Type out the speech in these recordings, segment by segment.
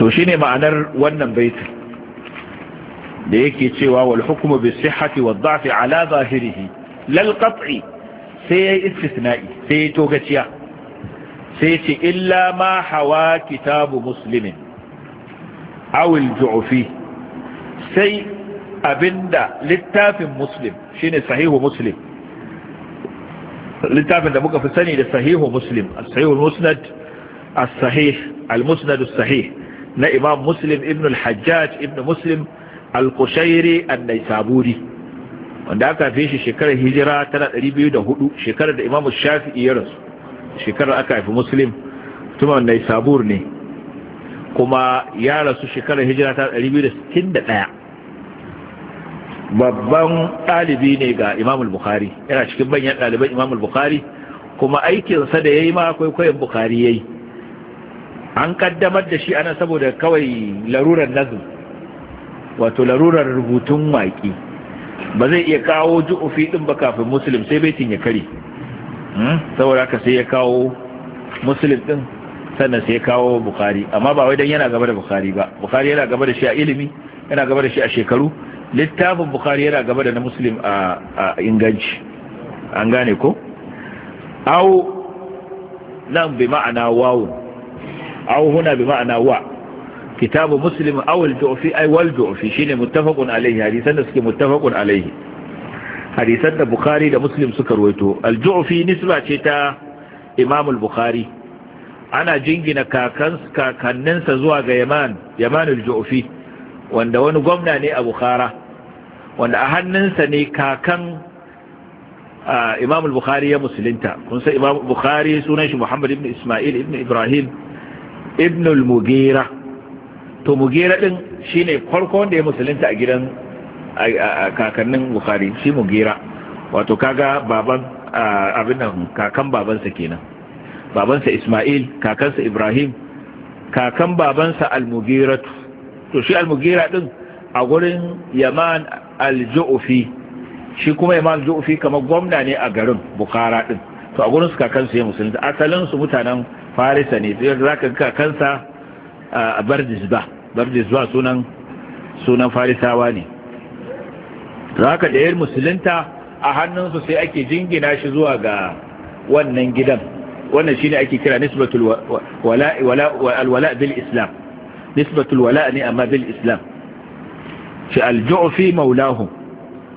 to ne ma'anar wannan baitin da yake cewa wal hukmu bis sihhati wad da'fi ala zahirihi lal qat'i sai yayi istisna'i sai togaciya sai ce illa ma hawa kitabu muslimin aw al ju'fi sai abinda littafin muslim shine sahihu muslim littafin da muka fi sani da sahihu muslim sahihu musnad as-sahih al-musnad as-sahih na imam muslim ibn al-hajjaj ibn muslim al-kushairi an-naisaburi wanda aka fi shi shekarar hijira tana 204 shekarar da imam shafi'i ya rasu shekarar aka haifi muslim tuma naisabur ne kuma ya rasu shekarar hijira ta 261 babban ɗalibi ne ga imam al-bukhari yana cikin manyan ɗaliban imam al-bukhari kuma aikinsa da ya yi ma kwaikwayon bukhari ya yi an kaddamar da shi ana saboda kawai larurar nazm wato larurar rubutun waƙi ba zai iya kawo ju'ufi din ba kafin muslim sai baitin ya kare hmm? saboda haka sai ya kawo muslim din sannan sai ya kawo bukari amma ba wai dan yana gaba da bukari ba bukari yana gaba da shi a ilimi yana gaba da shi a shekaru littafin bukari yana gaba da na muslim a inganci an gane ko au nan bi ma'ana wawun aw huna bi ma'ana wa kitabu muslim aw al-du'fi ay wal du'fi shine muttafaqun alayhi hadisan da suke muttafaqun alayhi hadisan da bukhari da muslim suka ruwaito al-du'fi nisba ce ta imam al-bukhari ana jingina kakanninsa zuwa ga yaman yaman al-ju'fi wanda wani gwamna ne a bukhara wanda a hannunsa ne kakan imam al-bukhari ya musulunta kun san imam bukhari sunan shi muhammad ibn isma'il ibn ibrahim ibn al-mughira to mughira din shine farko wanda ya musulunta a gidan kakannin bukhari shi mughira wato kaga baban abin nan kakan babansa kenan babansa isma'il kakansa ibrahim kakan babansa al-mughira to shi al-mughira din a gurin yaman al-ju'fi shi kuma yaman al-ju'fi kamar gwamna ne a garin bukhara din to a gurin su kakansu ya musulunta asalin su mutanen farisa ne za ka kansa a barjisba barjisba sunan sunan farisawa ne za ka da musulunta a hannunsu sai ake jingina shi zuwa ga wannan gidan wannan shi ne ake kira nisbatul wala bil islam nisbatul wala ne amma bil islam shi aljufi maulahum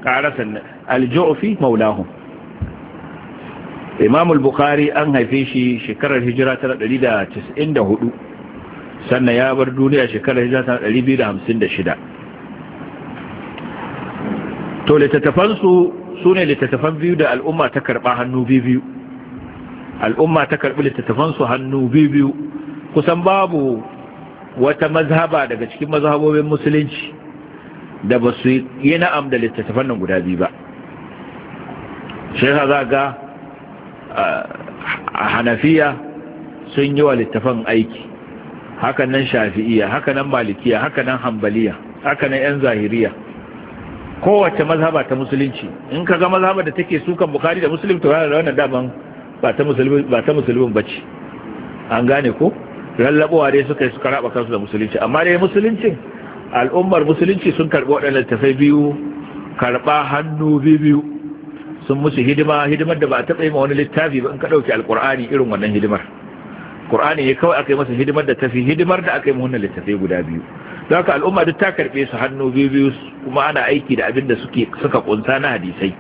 ƙarasa aljufi maulahum imam al-bukhari an haife shi shekarar hijira ta 194 sannan ya bar duniya shekarar hijira ta 256 to littattafansu su ne littattafan biyu da al'umma ta karɓa hannu biyu al'umma ta karɓi littattafansu hannu biyu kusan babu wata mazhaba daga cikin mazhabobin musulunci da ba su yi na'am da littattafan nan guda biyu ba shi za ga a hanafiya sun yi wa littafan aiki haka nan shafi'iya haka nan malikiya haka nan hambaliya haka nan yan zahiriya kowace mazhaba ta musulunci in ka ga mazhaba da take sukan bukari da musulun to yana da wannan daban ba ta musulun ba ce an gane ko lallabowa dai suka yi suka raba kansu da musulunci amma dai musuluncin al'ummar musulunci sun karɓi waɗannan tafai biyu karɓa hannu biyu sun musu hidima hidimar da ba a taɓa yi ma wani littafi ba in ka ɗauki alƙur'ani irin wannan hidimar ƙur'ani ne kawai aka yi masa hidimar da tafi hidimar da aka yi wannan littafi guda biyu don haka al'umma duk ta karɓe su hannu biyu biyu kuma ana aiki da abin da suke suka kunsa na hadisai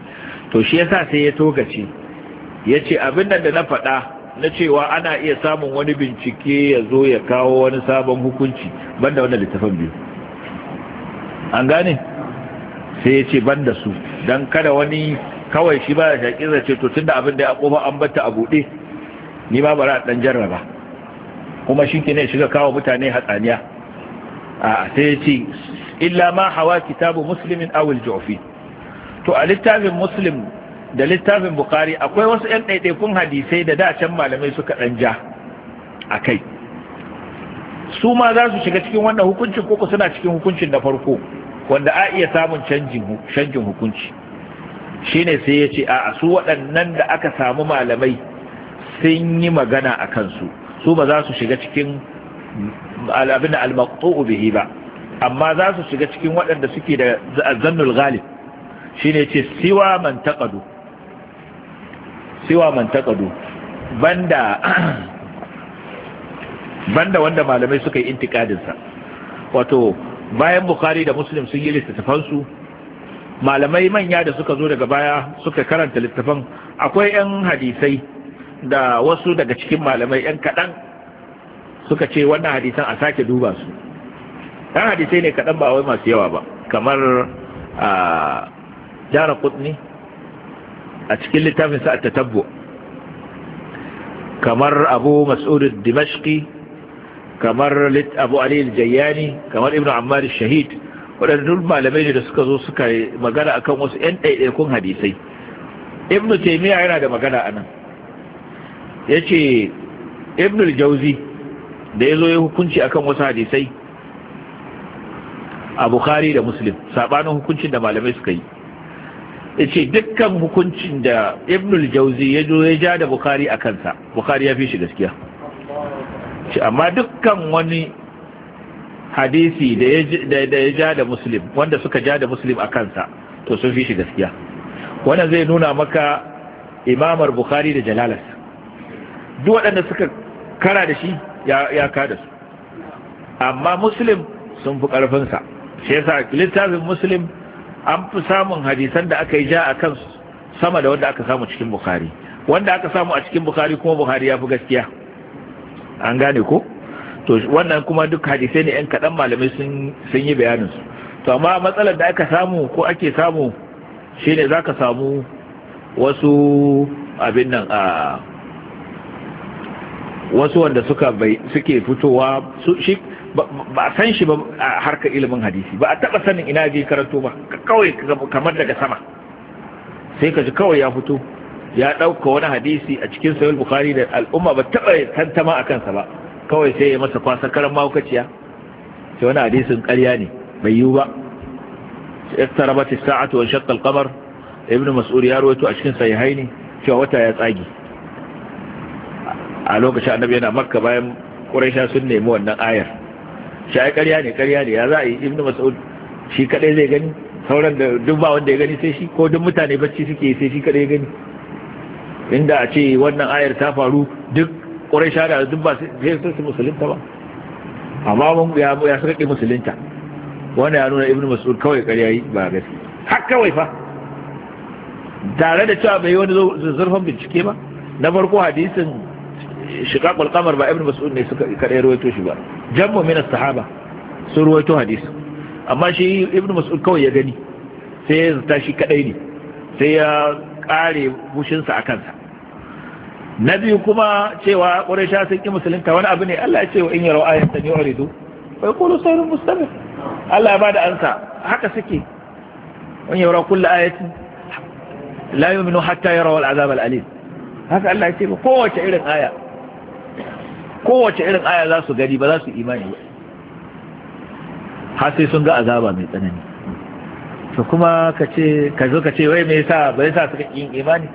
to shi yasa sai ya togace ya ce abin da na faɗa na cewa ana iya samun wani bincike ya zo ya kawo wani sabon hukunci banda wannan littafin biyu an gane sai ya ce banda su don kada wani kawai shi ba da shaƙi zai ce to tun da abin da ya koma an batta a buɗe ni ba bara ɗan jarraba kuma shi ne shiga kawo mutane hatsaniya a sai ya ce illa ma hawa kitabu musulmin awul jofi to a littafin musulmin da littafin bukari akwai wasu 'yan ɗaiɗaikun hadisai da dacen malamai suka ɗan ja a kai su ma za su shiga cikin wannan hukuncin koko suna cikin hukuncin na farko wanda a iya samun canjin hukunci shine sai ya ce a su waɗannan da aka samu malamai sun yi magana a kansu su ba za su shiga cikin al'abin al-maqtu'u bihi ba amma za su shiga cikin waɗanda suke da zannul ghalib shine ce siwa man taqadu siwa man taqadu banda banda wanda malamai suka yi intikadin sa wato bayan bukhari da muslim sun yi littattafan malamai manya da suka zo daga baya suka karanta littafan akwai 'yan hadisai da wasu daga cikin malamai 'yan kaɗan suka ce wannan hadisan a sake duba su ɗan hadisai ne kaɗan ba wai masu yawa ba kamar a jara kudni a cikin littafin littafinsa ta tabbo, kamar abu mas'udin dimashki kamar abu aliyu jayyani kamar ibn ammar shahid Waɗannan malamai ne da suka zo suka magana akan wasu 'yan ɗaiɗaikun hadisai ibn taimiyya yana da magana a nan ya ce ibn jauzi da ya zo ya hukunci akan wasu hadisai a bukari da muslim saɓanin hukuncin da malamai suka yi ya ce dukkan hukuncin da ibn jauzi ya zo ya ja da bukari a kansa bukari ya fi shi gaskiya amma dukkan wani hadisi da ya ja da muslim wanda suka ja da muslim a kansa to sun fi shi gaskiya wannan zai nuna maka imamar bukhari da jalalas duk waɗanda suka kara da shi ya kada su amma muslim sun fi ƙarfinsa shi yasa littafin muslim an fi samun hadisan da aka yi ja a kansu sama da wanda aka samu cikin bukhari wanda aka samu a cikin bukhari kuma buhari ya fi gaskiya an gane ko to wannan kuma duk hadisai ne yan kaɗan malamai sun yi bayanin su to amma matsalar da aka samu ko ake samu shine za ka samu wasu abin nan a wasu wanda suka suke fitowa shi ba san shi ba a harkar ilimin hadisi ba a taɓa sanin ina je karanto ba kawai kamar daga sama sai ka ji kawai ya fito ya ɗauka wani hadisi a cikin sayar bukhari da al'umma ba taɓa tantama a kansa ba kawai sai ya masa kwasa karan mahaukaciya sai wani hadisin ƙarya ne bai yiwu ba iqtarabat as-sa'atu wa shaqqa al-qamar ibn mas'ud ya rawaito a cikin haini cewa wata ya tsage a lokacin annabi yana makka bayan quraisha sun nemi wannan ayar shi ai ƙarya ne ƙarya ne ya za a yi ibn mas'ud shi kadai zai gani sauran da duk ba wanda ya gani sai shi ko duk mutane bacci suke sai shi kadai ya gani inda a ce wannan ayar ta faru duk ƙuraisha shari'a duk ba sai su musulunta ba amma mun ya ya sarki musulunta wanda ya nuna ibnu mas'ud kawai ƙarya yi ba gaske har kawai fa tare da cewa bai wani zurfin bincike ba na farko hadisin shiqaqul qamar ba ibnu mas'ud ne suka kadai ruwaito shi ba jammu min as-sahaba sun ruwaito hadisi amma shi ibnu mas'ud kawai ya gani sai ya zata shi kadai ne sai ya kare bushinsa a kansa na biyu kuma cewa ƙuraisha sun ƙi musulunta wani abu ne Allah ya ce wa in yaro ayatan ya uridu fa yaqulu sayrun mustamir Allah ya bada ansa haka suke in yaro kullu ayatin la yu'minu hatta yara al azab al alim haka Allah ya ce ba kowace irin aya kowace irin aya za su gani ba za su imani ba har sai sun ga azaba mai tsanani to kuma ka ce ka zo ka ce wai me yasa bai yasa suka yin imani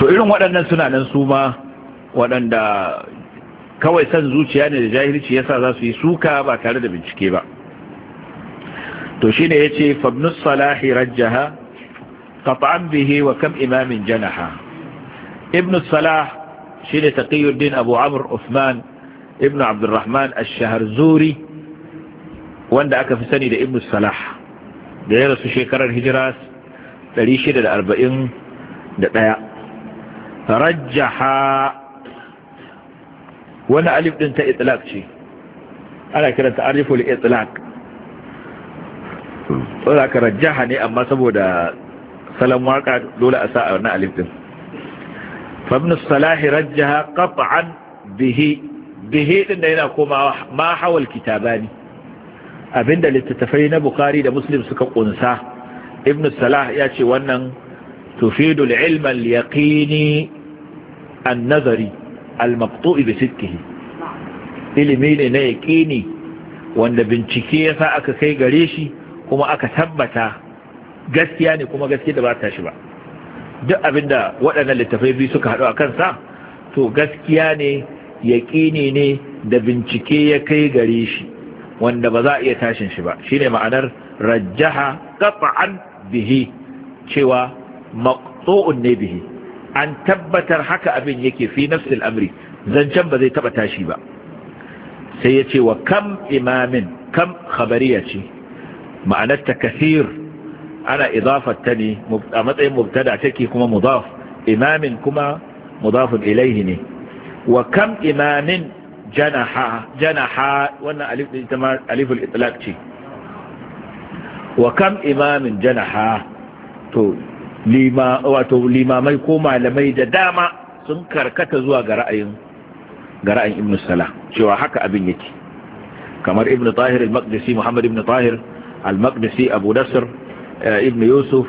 to irin waɗannan suna nan su ma waɗanda kawai san zuciya ne da jahilci yasa za su yi suka ba tare da bincike ba to shine yace fabnus salahi rajjaha qat'an bihe wa kam imamin janaha ibn salah shine taqiyuddin abu amr uthman ibn abdurrahman ashahar zuri wanda aka fi sani da ibn salah da ya rasu shekarar hijira 641 rajjaha wani alif din ta itlaq ce ana kiranta ariful itlaq tsara aka rajjaha ne amma saboda salon waka dole a sa a wannan alif din fabnu salahi rajjaha qat'an bihi bihi din da yana komawa ma hawal kitabani abinda littattafai na bukari da muslim suka kunsa ibnu salah ya ce wannan تفيد العلم اليقيني النظري المقطوع بسكه ilimi ne na yaƙini wanda bincike ya sa aka kai gare shi kuma aka tabbata gaskiya ne kuma gaskiya da ba ta shi ba duk abinda waɗannan littafai biyu suka haɗu a kansa to gaskiya ne yaƙini ne da bincike ya kai gare shi wanda ba za a iya tashin shi ba shine ma'anar rajjaha qat'an bihi cewa maqtu'un ne bihi an tabbatar haka abin yake fi nafsil amri zancen ba zai taɓa tashi ba sai ya ce wa kam imamin kam khabariya ce ma'anarta kasir ana idafatta ne a matsayin mubtada take kuma mudaf imamin kuma mudafin ilaihi ne wa kam imamin janaha janaha wannan aliful itlaq ce wa kam imamin janaha to wato limamai ko malamai da dama sun karkata zuwa ga ra'ayin ga ibn salah cewa haka abin yake kamar ibn tahir al-maqdisi muhammad ibn tahir al-maqdisi abu nasr eh, ibn yusuf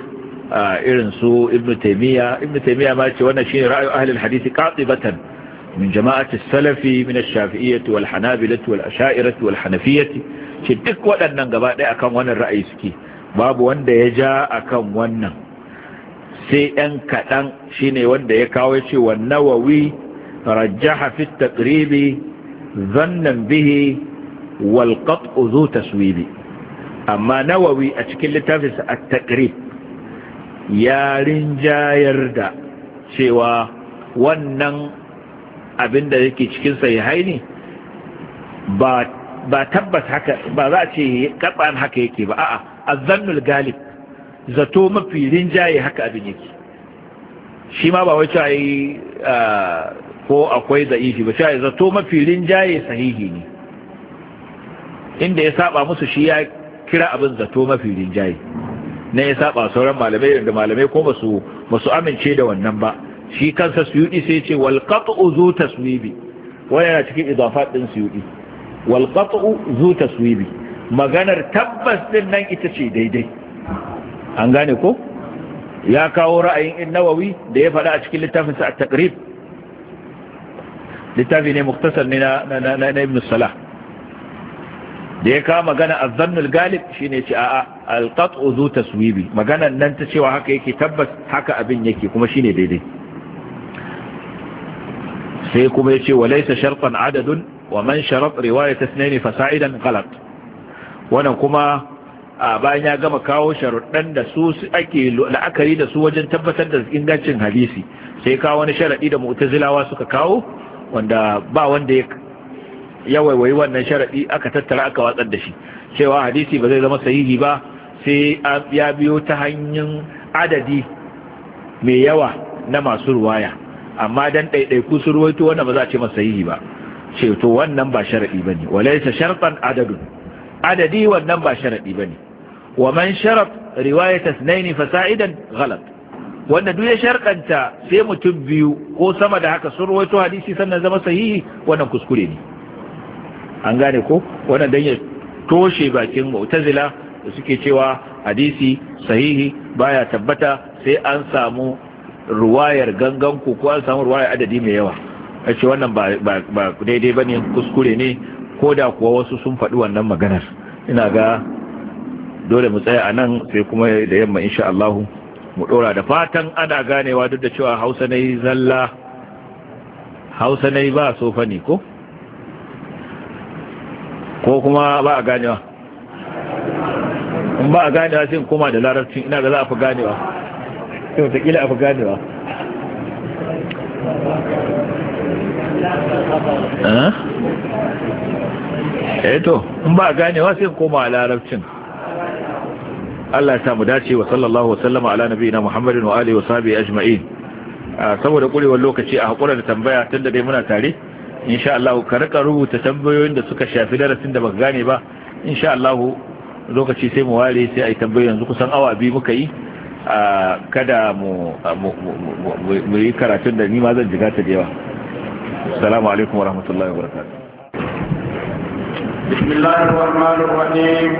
eh, irin su ibn taimiyya ibn taimiyya ma ce wannan shine ra'ayin ahli hadisi hadith qatibatan min jama'ati as-salafi min ash-shafi'iyyah wal-hanabilah wal-asha'irah wal-hanafiyyah ce duk waɗannan gaba ɗaya akan wannan ra'ayi suke babu wanda ya ja akan wannan sai yan kaɗan shine wanda ya kawo ce wa nawawi rajjaha fi taqribi zannan bihi wal qat'u zu taswibi amma nawawi a cikin littafinsa at-taqrib ya rinjayar da cewa wannan abin da yake cikin ya haini ba tabbas haka ba za a ce kaban haka yake ba a'a azzannul galib zato mafi rinjaye haka abin yake shi ma ba wacce ayi ko akwai da ishi ba shi zato mafi rinjaye sahihi ne inda ya saba musu shi ya kira abin zato mafi rinjaye na ya saba sauran malamai da malamai ko basu basu amince da wannan ba shi kansa su yudi sai ce wal qat'u zu taswibi wannan yana cikin idafat din yudi wal qat'u zu taswibi maganar tabbas din nan ita ce daidai an gane ko ya kawo ra'ayin nawawi da ya faɗa a cikin littafinsa a takrib littafi ne muktasar ne na ibn salah da ya kawo magana a zannul galib shi ne ce a alƙat'u zu taswibi maganan nan ta cewa haka yake tabbas haka abin yake kuma shi ne daidai sai kuma ya ce wa laisa sharfan adadun wa man sharaf riwaya ta sinani fasa'idan galat wannan kuma a bayan ya gama kawo sharuɗan da su ake la'akari da su wajen tabbatar da ingancin hadisi sai kawo wani sharaɗi da mu'tazilawa suka kawo wanda ba wanda ya yawai wai wannan sharaɗi aka tattara aka watsar da shi cewa hadisi ba zai zama sahihi ba sai ya biyo ta hanyar adadi mai yawa na masu ruwaya amma dan ɗaiɗaiku su ruwaito wanda ba za a ce masa sahihi ba ce to wannan ba sharaɗi ba ne walaisa sharɗan adadun adadi wannan ba sharaɗi ba ne wa man sharaf riwayat asnaini fasa'idan wanda duk ya sharkanta sai mutum biyu ko sama da haka sun rawaito hadisi sannan zama sahihi wannan kuskure ne an gane ko wannan dan ya toshe bakin mu'tazila da suke cewa hadisi sahihi baya tabbata sai an samu ruwayar gangan ko an samu ruwayar adadi mai yawa a ce wannan ba daidai ba ne kuskure ne ko da kuwa wasu sun faɗi wannan maganar ina ga dole mu tsaya a nan sai kuma da yamma insha Allah mu dora da fatan ana ganewa duk da cewa Hausa ne zalla Hausa ne ba sofa ne ko ko kuma ba a ganewa in ba a ganewa sai kuma da larabci ina da za a fi ganewa sai ta kila a fi ganewa eh? eh to in ba a ganewa sai koma larabcin Allah ya samu dace wa sallallahu wa sallama ala nabiyina Muhammadin wa alihi wa sahbihi ajma'in saboda kurewar lokaci a hakura da tambaya tunda dai muna tare insha Allah ka rika rubuta tambayoyin da suka shafi darasin da baka gane ba insha Allah lokaci sai mu ware sai ai tambayoyi yanzu kusan awa biyu muka yi kada mu mu yi karatun da ni ma zan jiga ta da yawa assalamu alaikum wa rahmatullahi wa barakatuh بسم الله الرحمن الرحيم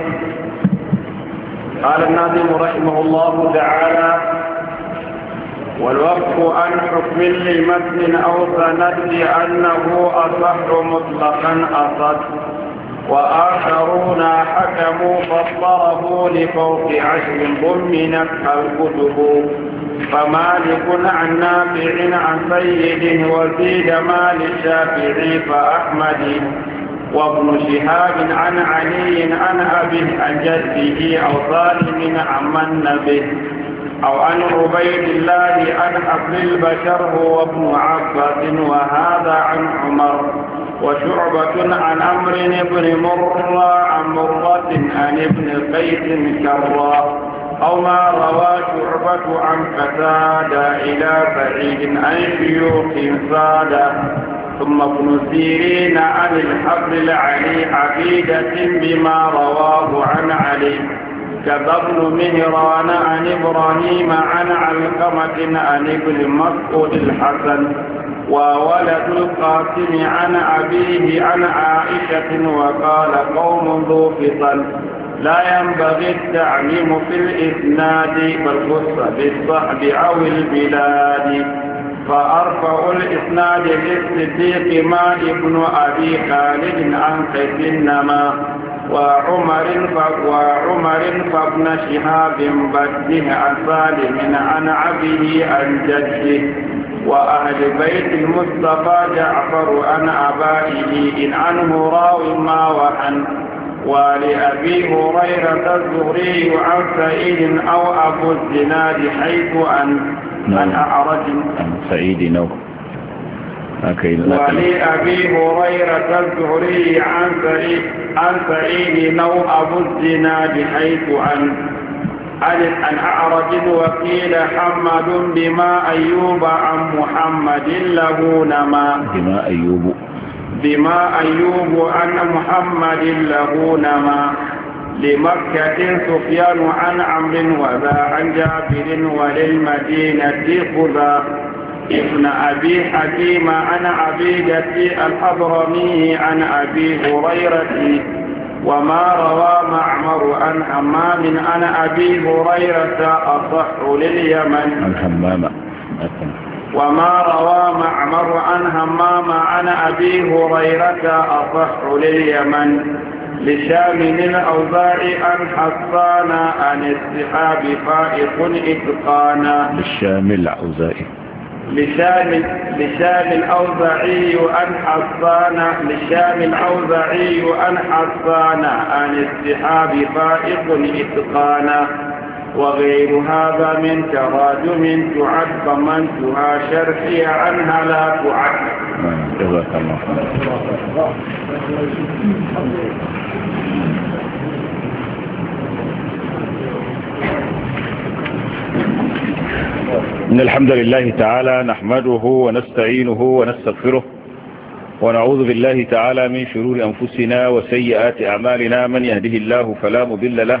قال الناظم رحمه الله تعالى والوقف عن حكم لمتن أو سند لأنه أصح مطلقا أصد وآخرون حكموا فاضطربوا لفوق عشر ضمنت الكتب فمالك عن نافع عن سيد وزيد مال الشافعي فأحمد وابن شهاب عن علي عن أبيه عن جده أو ظالم عمن به أو عن عبيد الله عن أبن البشر هو وابن عباس وهذا عن عمر وشعبة عن أمر بن مرة عن مرة عن ابن قيس كرا أو ما روى شعبة عن فساد إلى فريد عن شيوخ سادة ثم ابن سيرين عن الحبل لعلي عبيدة بما رواه عن علي كذا ابن مهران عن إبراهيم عن علقمة عن ابن مسعود الحسن وولد القاسم عن أبيه عن عائشة وقال قوم ذو فطن لا ينبغي التعميم في الإسناد بل بالصحب أو البلاد فأرفع الإسناد للصديق ما ابن أبي خالد عن قيس النما وعمر وعمر فابن شهاب بده عن سالم عن عبده عن جده وأهل بيت المصطفى جعفر عن أبائه إن عنه راو ما وعن ولأبي هريرة الزهري عن سعيد أو أبو الزناد حيث أن من نعم. أعرج عن سعيد أو ولأبي هريرة الزهري عن سعيد عن سعيد أو أبو الزناد حيث أن أن أعرج وقيل حمد بما أيوب عن محمد له نما بما أيوب بما أيوب أن محمد له نما لمكة سفيان عن عمر وذا عن جابر وللمدينة خذا ابن أبي حكيم عن عبيدة الحضرمي عن أبي هريرة وما روى معمر عن حمام عن أبي هريرة أصح لليمن عن حمامة وما روى معمر عن همام عن أبي هريرة أصح لليمن لشام الأوزاع عن حصان عن السحاب فائق إتقانا لشام الأوزاعي لشام لشام الأوزعي أن حصانا لشام الأوزعي أن حصانا عن السحاب فائق إتقانا وغير هذا من تراجم تعد تها شرحي عنها لا تعد جزاك الله إن الحمد لله تعالى نحمده ونستعينه ونستغفره ونعوذ بالله تعالى من شرور أنفسنا وسيئات أعمالنا من يهده الله فلا مضل له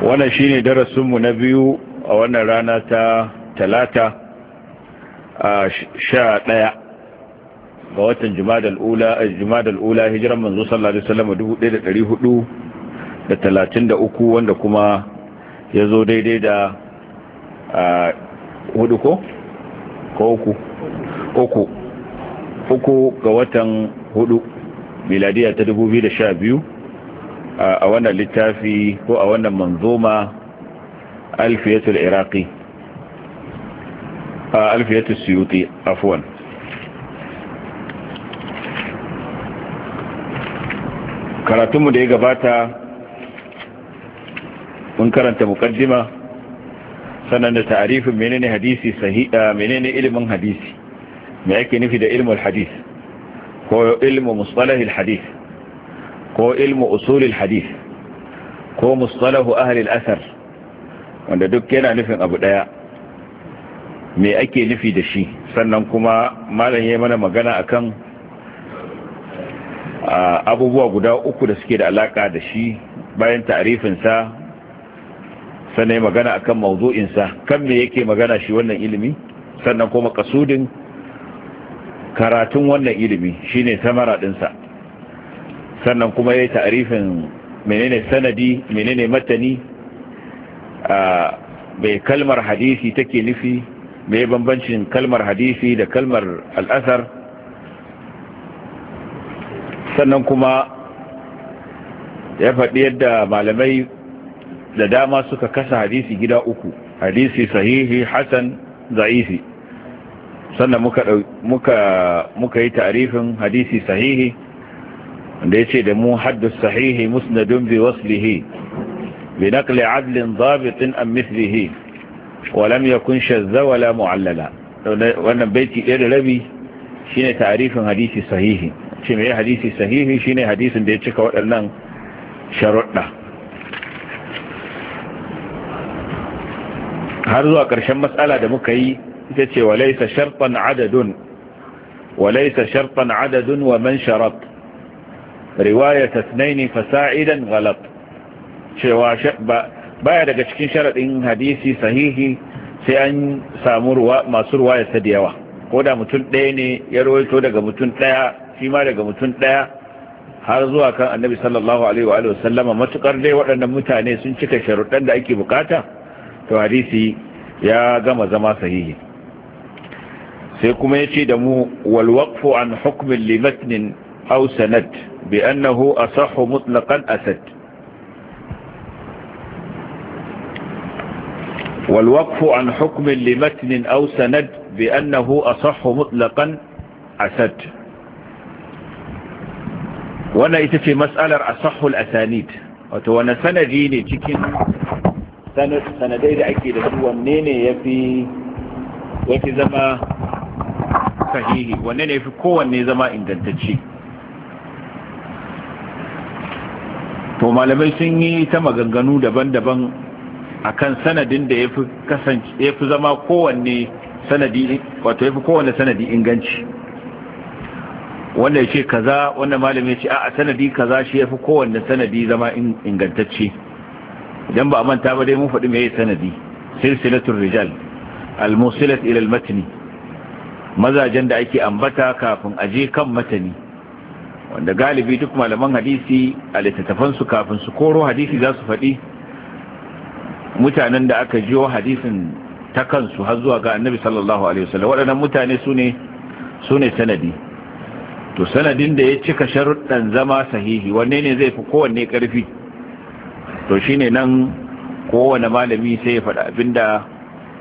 wannan shi ne darasinmu na biyu a wannan rana ta talata a sha ɗaya ga watan jumadal ula hijiran manzo sallallahu alaihi wasallam 1433 wanda kuma ya zo daidai da hudu ko? ko uku uku uku ga watan hudu miladiya ta 2012 a wannan littafi ko a wannan manzoma alfiyatul iraqi alfiyatul suyuti afwan karatunmu da ya gabata mun karanta mukaddima sannan da taarifin menene hadisi sahiha menene ilimin hadisi me yake nufi da ilmul hadis ko ilmu mustalahil hadis ko ilmu usulil hadith ko mustalahu ahlil asar wanda duk yana nufin abu daya me ake nufi da shi sannan kuma malam ya mana magana akan abubuwa guda uku da suke da alaka da shi bayan sa sannan magana akan sa kan me yake magana shi wannan ilimi sannan kuma kasudin karatun wannan ilimi shine samara dinsa sannan kuma ya yi ta'arifin menene sanadi menene matani mai kalmar hadisi take nufi mai bambancin kalmar hadisi da kalmar al'asar sannan kuma ya faɗi yadda malamai da dama suka kasa hadisi gida uku hadisi sahihi hasan za'ifi sannan muka, yi tarifin hadisi sahihi wanda ya ce da mu haddu sahihi musnadun bi waslihi bi naqli adlin dhabitin an mithlihi wa lam yakun shadza wala mu'allala wannan baiti ɗaya da rabi shine tarifin hadisi sahihi ce mai hadisi sahihi shine hadisin da ya cika waɗannan sharuɗa har zuwa ƙarshen matsala da muka yi ita ce wa laysa shartan adadun wa laysa shartan adadun wa man sharat riwayar tasnaini fasa'idan galab cewa baya daga cikin sharaɗin hadisi sahihi sai an samu masu ruwayar ta da yawa ko da mutum ɗaya ne ya rawaito daga mutum ɗaya shi ma daga mutum ɗaya har zuwa kan annabi sallallahu alaihi wa sallama matukar dai waɗannan mutane sun cika sharuɗan da ake bukata to hadisi ya gama zama sahihi sai kuma ya ce da mu walwaqfu an hukmin limatnin aw sanad بأنه أصح مطلقا أسد والوقف عن حكم لمتن أو سند بأنه أصح مطلقا أسد وانا في مسألة أصح الأسانيد وانا سنديني تكين سند da أكيد da su wanne يفي ya fi zama sahihi wanne ne ya fi to malamai sun yi ta maganganu daban-daban a kan sanadin da ya fi zama kowanne sanadi wato ya fi kowanne sanadi inganci wanda ya ce kaza wanda malamai ya ce a sanadi kaza shi ya fi kowanne sanadi zama ingantacce idan ba a manta ba dai mun faɗi mai sanadi silsilatul rijal al-musilat ila al-matni mazajen da ake ambata kafin aje kan matani wanda galibi duk malaman hadisi a littattafansu kafin su koro hadisi za su faɗi mutanen da aka jiyo hadisin ta kansu har zuwa ga annabi sallallahu alaihi wasallam waɗannan mutane su ne sanadi to sanadin da ya cika sharuɗan zama sahihi wanne ne zai fi kowanne ƙarfi to shine nan kowane malami sai ya faɗa abinda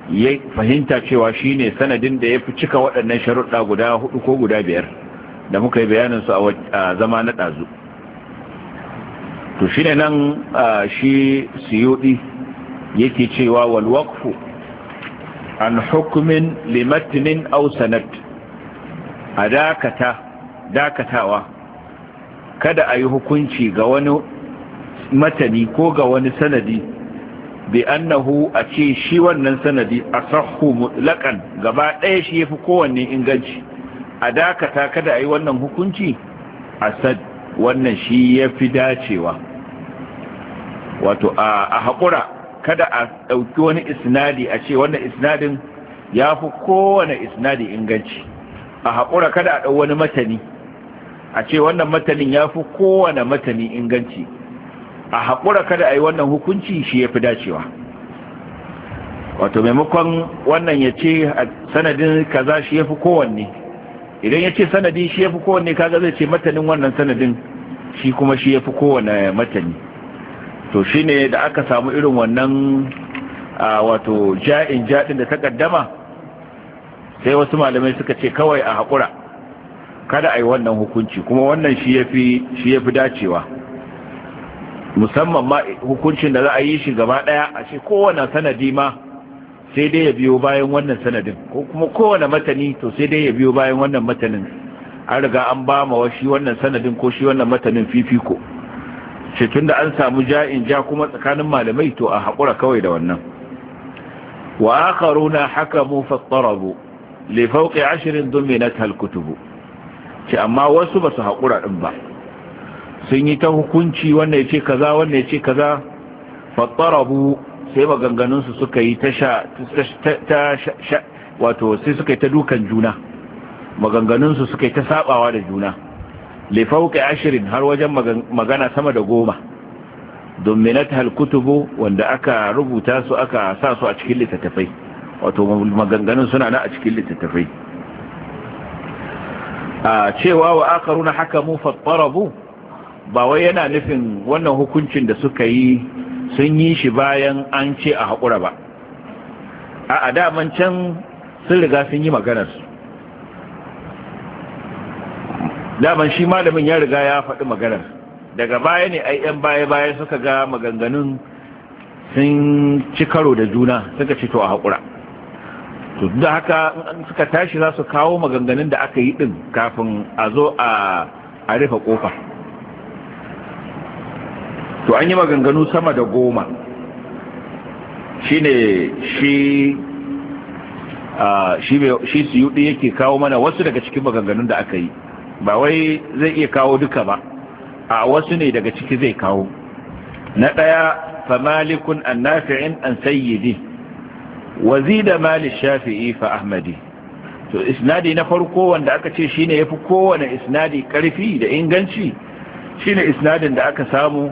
ya fahimta cewa shine sanadin da ya fi cika waɗannan sharuɗa guda hudu ko guda biyar da muka yi bayanin su a zama na ɗazu to shi ne nan shi siyoɗi yake cewa walwakfu an hukumin limatinin au sanat a dakata dakatawa kada a yi hukunci ga wani matani ko ga wani sanadi bi annahu a ce shi wannan sanadi a sahu mutlaƙan gaba ɗaya shi ya fi kowanne inganci a dakata kada a yi wannan hukunci a sad wannan shi ya fi dacewa wato a haƙura kada a ɗauki wani isnadi a ce wannan isnadin ya fi kowane isnadi inganci a haƙura kada a ɗau wani matani a ce wannan matanin ya fi kowane matani inganci a haƙura kada a yi wannan hukunci shi ya fi dacewa wato maimakon wannan ya ce sanadin kaza shi ya fi kowanne idan ya ce sanadi shi ya fi kowanne kaga zai ce matanin wannan sanadin shi kuma shi ya fi kowane matani to shi ne da aka samu irin wannan a wato ja'in jain da ta kaddama sai wasu malamai suka ce kawai a haƙura kada a yi wannan hukunci kuma wannan shi ya fi dacewa musamman ma hukuncin da za a yi shi gaba ɗaya a ce kowane sanadi ma sai dai ya biyo bayan wannan sanadin ko kuma kowane matani to sai dai ya biyo bayan wannan matanin an riga an ba ma shi wannan sanadin ko shi wannan matanin fifiko shi tunda an samu ja'in ja kuma tsakanin malamai to a haƙura kawai da wannan wa akharuna hakamu fattarabu li fawqi ashrin na hal kutubu ce amma wasu ba su haƙura din ba sun yi ta hukunci wannan yace kaza wannan yace kaza fattarabu sai maganganunsu suka yi ta wato sai suka yi ta dukan juna maganganunsu suka yi ta sabawa da juna lifauka ashirin har wajen magana sama da goma dominat halkutubu wanda aka rubuta su aka sa su a cikin littattafai wato maganganun suna na a cikin littattafai a cewa wa aka runa haka mu fattarabu ba wai yana nufin wannan hukuncin da suka yi sun yi shi bayan an ce a haƙura ba a adaman can sun riga sun yi maganarsu daman shi malamin ya riga ya faɗi maganar daga baya ne ai yan baya-baya suka ga maganganun sun ci karo da juna suka ci to a haƙura to da haka suka tashi za su kawo maganganun da aka yi ɗin kafin a zo a rufe ƙofa to an yi maganganu sama da goma shine shi shi yi yake kawo mana wasu daga cikin maganganun da aka yi ba wai zai iya kawo duka ba a wasu ne daga ciki zai kawo na ɗaya famalikun an nafi'in an sayyidi wazi da mali shafi'i fa ahmadi to isnadi na farko wanda aka ce shi ne ya fi kowane isnadi karfi da inganci shi ne isnadin da aka samu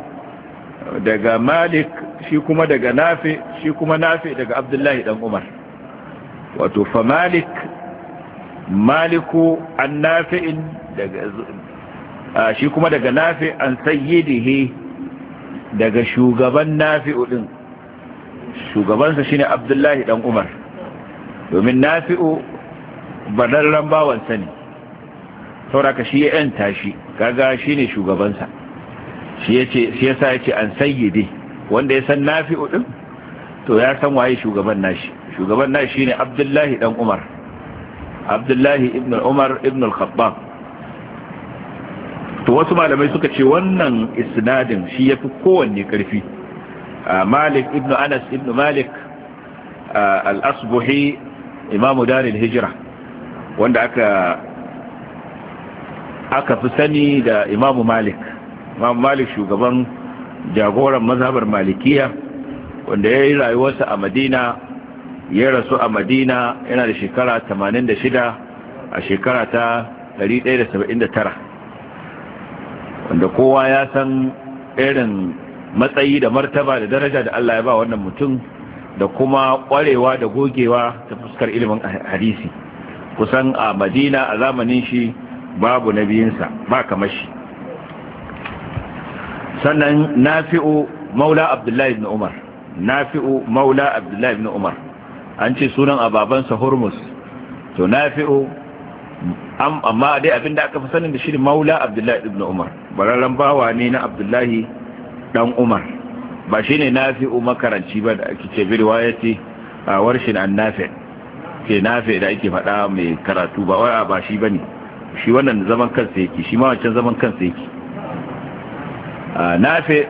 daga malik shi kuma daga nafi shi kuma nafi daga abdullahi dan umar wato fa malik maliku an nafi'in daga shi kuma daga nafi an sayyidihi daga shugaban nafi'u din shugabansa shine abdullahi dan umar domin nafi'u badarran bawansa ne sauraka shi ya yanta shi kaga shine shugabansa shi yace shi yasa an sayyidi wanda ya san nafi'u din to ya san waye shugaban nashi shugaban nashi shine Abdullahi dan Umar Abdullahi ibn Umar ibn al-Khattab to wasu malamai suka ce wannan isnadin shi yafi kowanne karfi Malik ibn Anas ibn Malik al-Asbuhi imamu daril hijra wanda aka aka fi sani da imamu Malik imam malik shugaban jagoran mazhabar malikiya wanda ya yi rayuwarsa a madina ya rasu a madina yana da shekara 86 a shekara ta 179 wanda kowa ya san irin matsayi da martaba da daraja da Allah ya ba wannan mutum da kuma kwarewa da gogewa ta fuskar ilimin hadisi kusan a madina a zamanin shi babu na nabiyinsa ba kamar shi sannan nafi'u maula abdullahi ibn umar nafi'u maula abdullahi ibn umar an ce sunan ababansa hormuz to nafi'u amma dai abinda aka fi sanin da shi maula abdullahi ibn umar bararren bawa ne na abdullahi dan umar ba shi ne nafi'u makaranci ba da ake ce birwa ya ce a warshin an nafi ke nafi da ake faɗa mai karatu ba waya ba shi ba ne shi wannan zaman kansa yake shi ma wancan zaman kansa yake nafe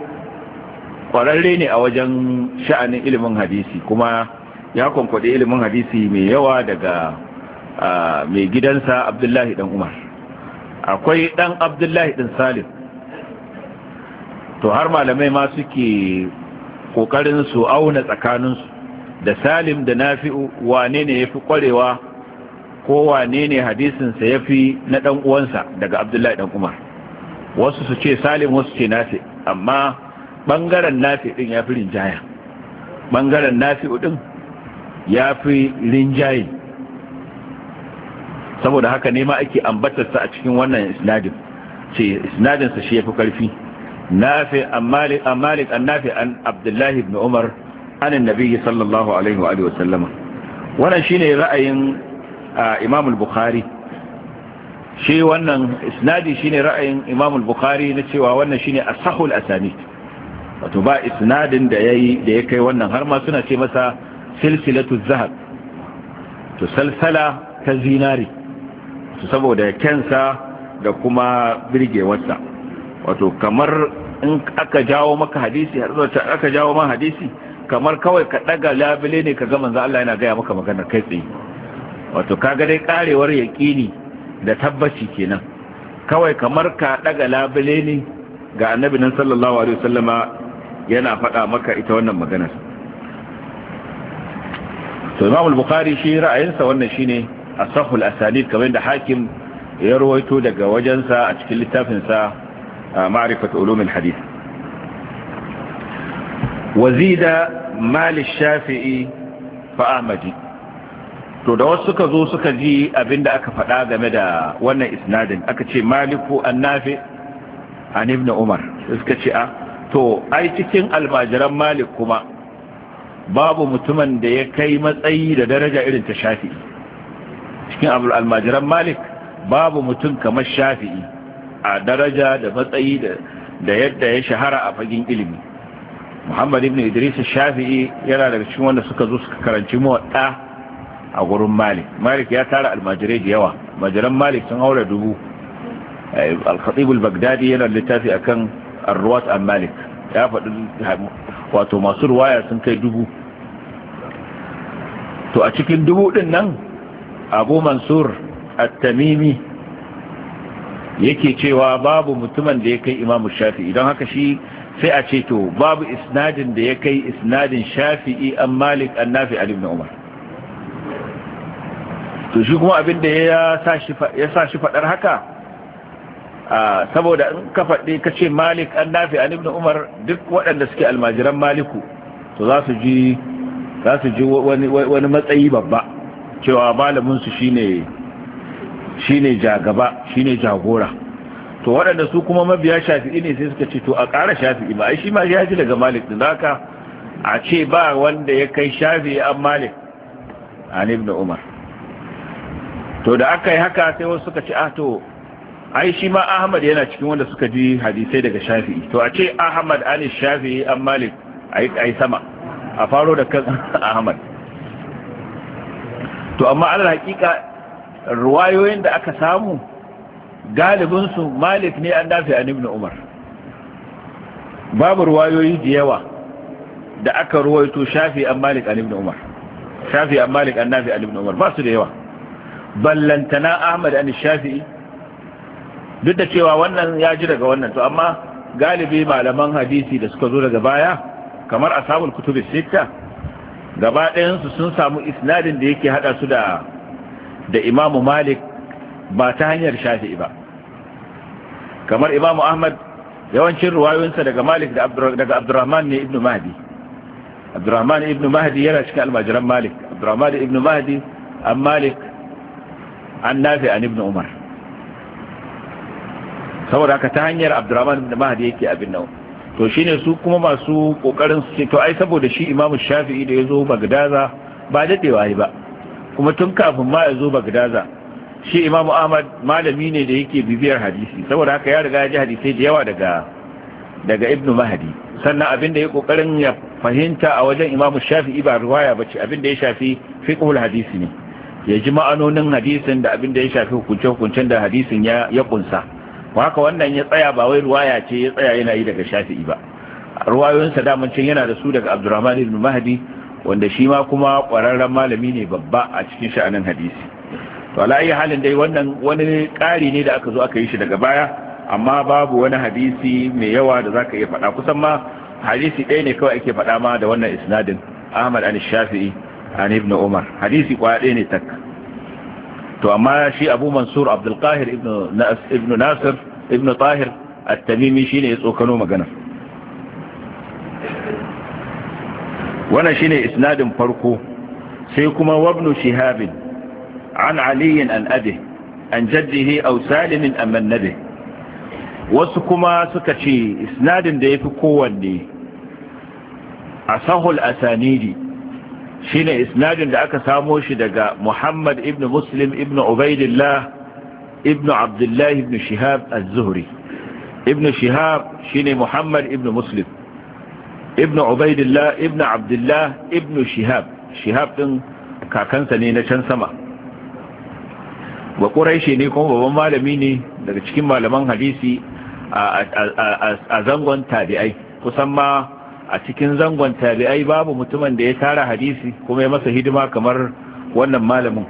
kwararre ne a wajen sha'anin ilimin hadisi kuma ya kwankwade ilimin hadisi mai yawa daga mai gidansa abdullahi ɗan umar akwai ɗan abdullahi ɗan salim to har malamai ma suke ƙoƙarin su auna tsakaninsu da salim da nafi'u wane ne ya fi ƙwarewa ko wane ne hadisinsa ya fi na ɗan uwansa daga abdullahi ɗan umar wasu su ce salim wasu ce nafi amma bangaren nafi din ya fi rinjaya bangaren nafi din ya fi rinjaye saboda haka ne ma ake ambatarsa a cikin wannan isnadin ce isnadinsa shi ya fi karfi nafi an malik an nafi an abdullahi ibn umar anin nabi sallallahu alaihi wa sallama wannan shine ra'ayin imamul bukhari shi wannan isnadi shine ra'ayin Imam al-Bukhari na cewa wannan shine asahul asani wato ba isnadin da yayi da ya kai wannan har ma suna ce masa silsilatu zahab to salsala ta zinari to saboda kensa da kuma birgewarsa wato kamar in aka jawo maka hadisi har zuwa aka jawo maka hadisi kamar kawai ka daga labule ne ka ga manzo Allah yana gaya maka magana kai tsaye wato kaga dai karewar yaqini da tabbaci kenan kawai kamar ka daga labule ne ga annabi nan sallallahu alaihi wasallama yana faɗa maka ita wannan maganar to imam bukhari shi ra'ayinsa wannan shine asahul asanid kamar da hakim ya rawaito daga wajensa a cikin littafin sa ma'rifat ulum al-hadith wazida mal ash-shafi'i fa ahmadi to da wasu suka zo suka ji abinda aka faɗa game da wannan isnadin aka ce maliku annafi an ibn umar suka ce a ah, to ai cikin almajiran malik kuma babu mutumin da ya kai matsayi da daraja irin ta shafi'i cikin almajiran malik babu mutum kamar shafi'i a daraja da matsayi da yadda ya shahara a fagin ilimi muhammad ibn idris shafi'i yana daga cikin wanda suka zo suka karanci muwadda a gurin malik malik ya tara almajirai da yawa majiran malik sun haura dubu eh, al bagdadi yana littafi akan ar ruwa an malik ya faɗi wato masu ruwaya sun kai dubu to a cikin dubu din nan abu mansur at-tamimi yake cewa babu mutumin da ya kai imamu shafi, idan haka shi sai a ce to babu isnadin da ya kai isnadin shafi'i an malik an nafi alim na umar to shi kuma abin da ya sa shi faɗar haka saboda in ka faɗi ka ce malik an nafi an ibn umar duk waɗanda suke almajiran maliku to za su ji wani matsayi babba cewa malaminsu shine shine jagaba shine jagora to waɗanda su kuma mabiya shafi'i ne sai suka ce to a ƙara shafi'i ba ai shi ma ya ji daga malik din haka a ce ba wanda ya kai shafi'i an malik an ibn umar to da aka yi haka sai wasu suka ce ah to ai shi ma ahmad yana cikin wanda suka ji hadisai daga shafi'i to a ce ahmad ali shafi'i an malik ai sama a faro da kan ahmad to amma alal hakika ruwayoyin da aka samu galibinsu malik ne an dafi an ibn umar babu ruwayoyi da yawa da aka ruwaito shafi an malik an ibn umar shafi an malik an dafi an ibn umar ba su da yawa ballantana ahmad an shafi'i duk da cewa wannan ya ji daga wannan to amma galibi malaman hadisi da suka zo daga baya kamar ashabul kutubi sita gaba ɗayansu sun samu isnadin da yake hada su da da imamu malik ba ta hanyar shafi'i ba kamar imamu ahmad yawancin ruwayoyinsa daga malik daga abdurrahman ne Ibn mahdi abdurrahman Ibn mahdi yana cikin almajiran malik abdurrahman Ibn mahdi an malik an nafi an ibn umar saboda haka ta hanyar abdurrahman da mahadi yake abin nan to shine su kuma masu kokarin su to ai saboda shi imamu shafi'i da ya zo bagdaza ba dadewa ba kuma tun kafin ma ya zo bagdaza shi imamu ahmad malami ne da yake bibiyar hadisi saboda haka ya riga ya ji hadisi da yawa daga daga ibnu mahdi sannan abin da ya kokarin ya fahimta a wajen imamu shafi'i ba ruwaya bace abin da ya shafi fiqhul hadisi ne ya ji ma'anonin hadisin da abin da ya shafi hukunce-hukuncen da hadisin ya kunsa haka wannan ya tsaya ba wai ruwaya ce ya tsaya yana yi daga shafi'i ba ruwayoyinsa daman cin yana da su daga abdurrahman ibn mahdi wanda shi ma kuma ƙwararren malami ne babba a cikin sha'anin hadisi to ala ayi halin dai wannan wani ƙari ne da aka zo aka yi shi daga baya amma babu wani hadisi mai yawa da zaka iya faɗa kusan ma hadisi ɗaya ne kawai ake faɗa ma da wannan isnadin ahmad an shafi'i an ibn umar hadisi kwaya ne tak to amma shi abu mansur abdulkahir ibn nasir ibn tahir at shine ya tsokano magana wannan shine isnadin farko sai kuma wabnu shihabin an aliyin an ade an jaddihi aw salimin amman nabi wasu kuma suka ce isnadin da yafi kowanne asahul asanidi shine isnadin da aka samo shi daga Muhammad ibn Muslim ibn Ubaydillah ibn Abdullah ibn Shihab az-Zuhri ibn Shihab shine Muhammad ibn Muslim ibn Ubaydillah ibn Abdullah ibn Shihab Shihab din kakansa ne na can sama wa Quraishi ne kuma babban malami ne daga cikin malaman hadisi a zangon tabi'ai kusan ma a cikin zangon tabi'ai babu mutumin da ya tara hadisi kuma ya masa hidima kamar wannan malamin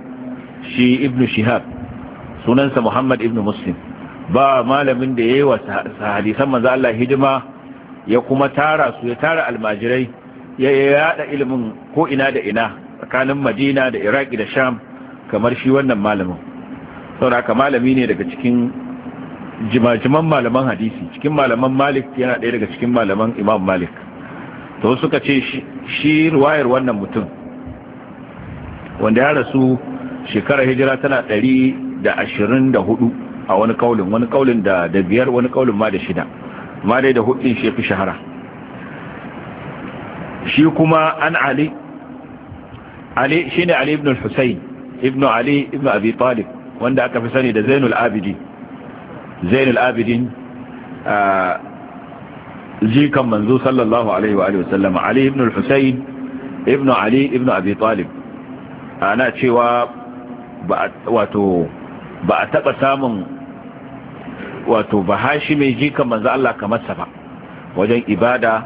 shi ibnu shihab sunansa muhammad ibnu muslim ba malamin da ya yi wa hadisan manzo Allah hidima ya kuma tara su ya tara almajirai ya yada ilimin ko ina da ina tsakanin madina da iraki da sham kamar shi wannan malamin sauraka malami ne daga cikin jimajiman malaman hadisi cikin malaman malik yana ɗaya daga cikin malaman imam malik to suka ce shi ruwayar wannan mutum wanda ya rasu shekarar hijira tana ɗari da ashirin da hudu a wani kaulin wani kaulin da da biyar wani kaulin ma da shida ma dai da hudin shi fi shahara shi kuma an ali ali shi ne ali ibn al-husayn ibn ali ibn abi talib wanda aka fi sani da zainul abidin zainul abidin ah, jikan manzo sallallahu alaihi wa alihi ali ibn al-husayn ibn ali ibn abi talib ana cewa ba wato ba a taba samun wato ba hashi mai jikan manzo Allah kamar sa ba wajen ibada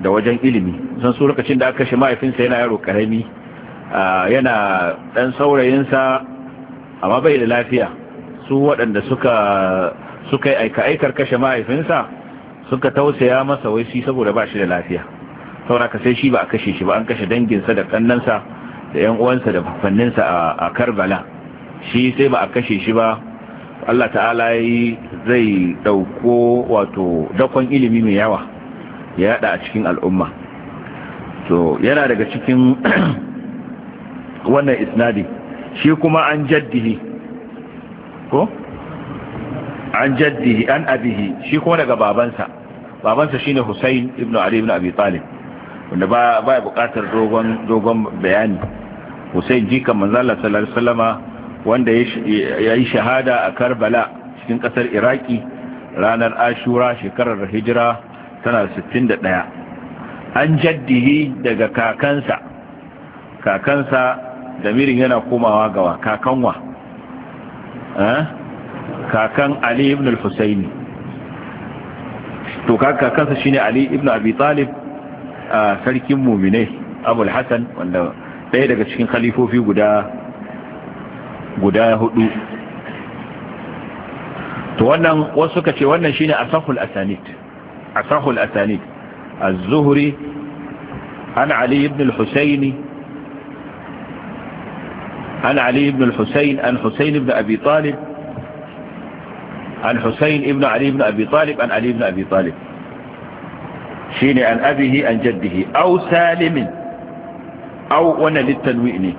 da wajen ilimi san su lokacin da aka shi mahaifinsa yana yaro karami yana dan saurayinsa amma bai da lafiya su waɗanda suka suka yi aika aikar kashe mahaifinsa suka tausaya masa wai shi saboda ba shi da lafiya sauraka sai shi ba a kashe shi ba an kashe danginsa da kannansa da yan uwansa da fanninsa a karbala shi sai ba a kashe shi ba Allah ta'ala zai dauko wato dakon ilimi mai yawa ya yada a cikin al'umma to yana daga cikin wannan isnadi shi kuma an jaddihi ko an jaddihi an abihi shi kuma daga babansa babansa shine husain ibn Ali ibn Abi Talib wanda ba ba buƙatar dogon dogon bayani Husayn jikan manzo Allah sallallahu alaihi wasallama wanda ya yi shahada a Karbala cikin kasar Iraki ranar Ashura shekarar Hijira tana 61 an jaddihi daga kakansa kakansa damirin yana komawa ga kakanwa eh kakan ali ibn al-husaini to kakansa shine ali ibn abi talib sarkin muminai abul hasan wanda ɗaya daga cikin khalifofi guda guda hudu to wannan wasu suka ce wannan shine asahul asanid asahul asanid az-zuhri an ali ibn al-husaini an ali ibn al-husayn an husayn ibn abi an husayn ibn ali abi talib an ali abi talib shine an abihi an jaddihi aw salimin aw wannan littanwi ne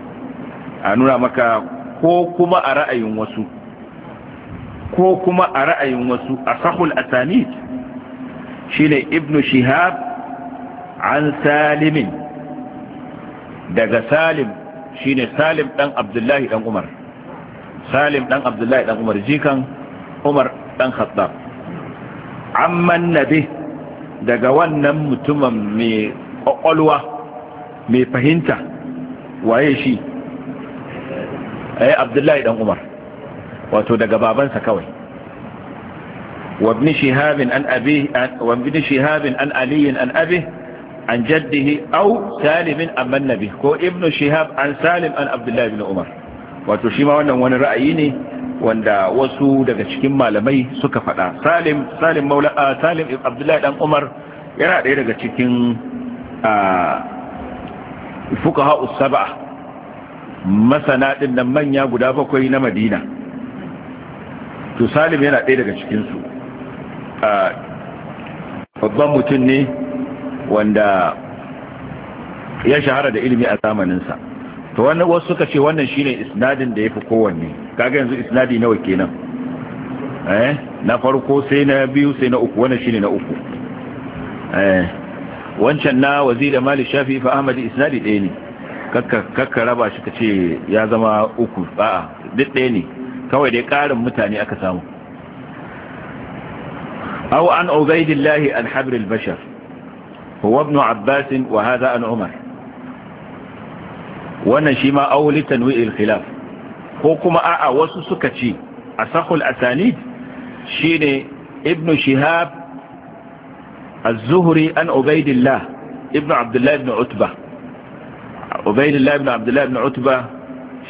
a nuna maka ko kuma a ra'ayin wasu ko kuma a ra'ayin wasu a sahul asanid shine ibnu shihab an salimin daga salim shine salim dan abdullahi dan umar salim dan abdullahi dan umar jikan umar ɗan khattab amman nabi daga wannan mutumin mai ƙwaƙwalwa mai fahimta waye shi ayi eh, abdullahi ɗan umar wato daga babansa kawai وابن شهاب عن أبيه وابن شهاب an علي عن أبيه عن جده أو سالم عن من نبيه an ابن شهاب عن سالم عن عبد الله بن عمر وتشيما wanda wasu daga cikin malamai suka faɗa salim salim maula ah, salim abdullahi dan umar yana ɗaya daga cikin ah, ha'u saba masana ɗin nan manya guda bakwai na madina to salim yana ɗaya daga cikinsu ah, babban mutum ne wanda ya shahara da ilimi a zamaninsa to wannan wasu suka ce wannan shine isnadin da yafi kowanne kaga yanzu isnadi nawa kenan eh na farko sai na biyu sai na uku wannan shine na uku eh wancan na wazira mali shafi fa ahmadi isnadi ɗaya ne kakka raba shi kace ya zama uku a'a duk ɗaya ne kawai dai karin mutane aka samu aw an ubaidillahi al-habr al-bashar huwa ibn abbas wa hadha an umar wannan shi ma auli tanwi'il khilaf ko kuma a'a wasu suka ce asahul asanid shine ibn shihab az-zuhri an ubaidillah ibn abdullah ibn utba ubaidillah ibn abdullah ibn utba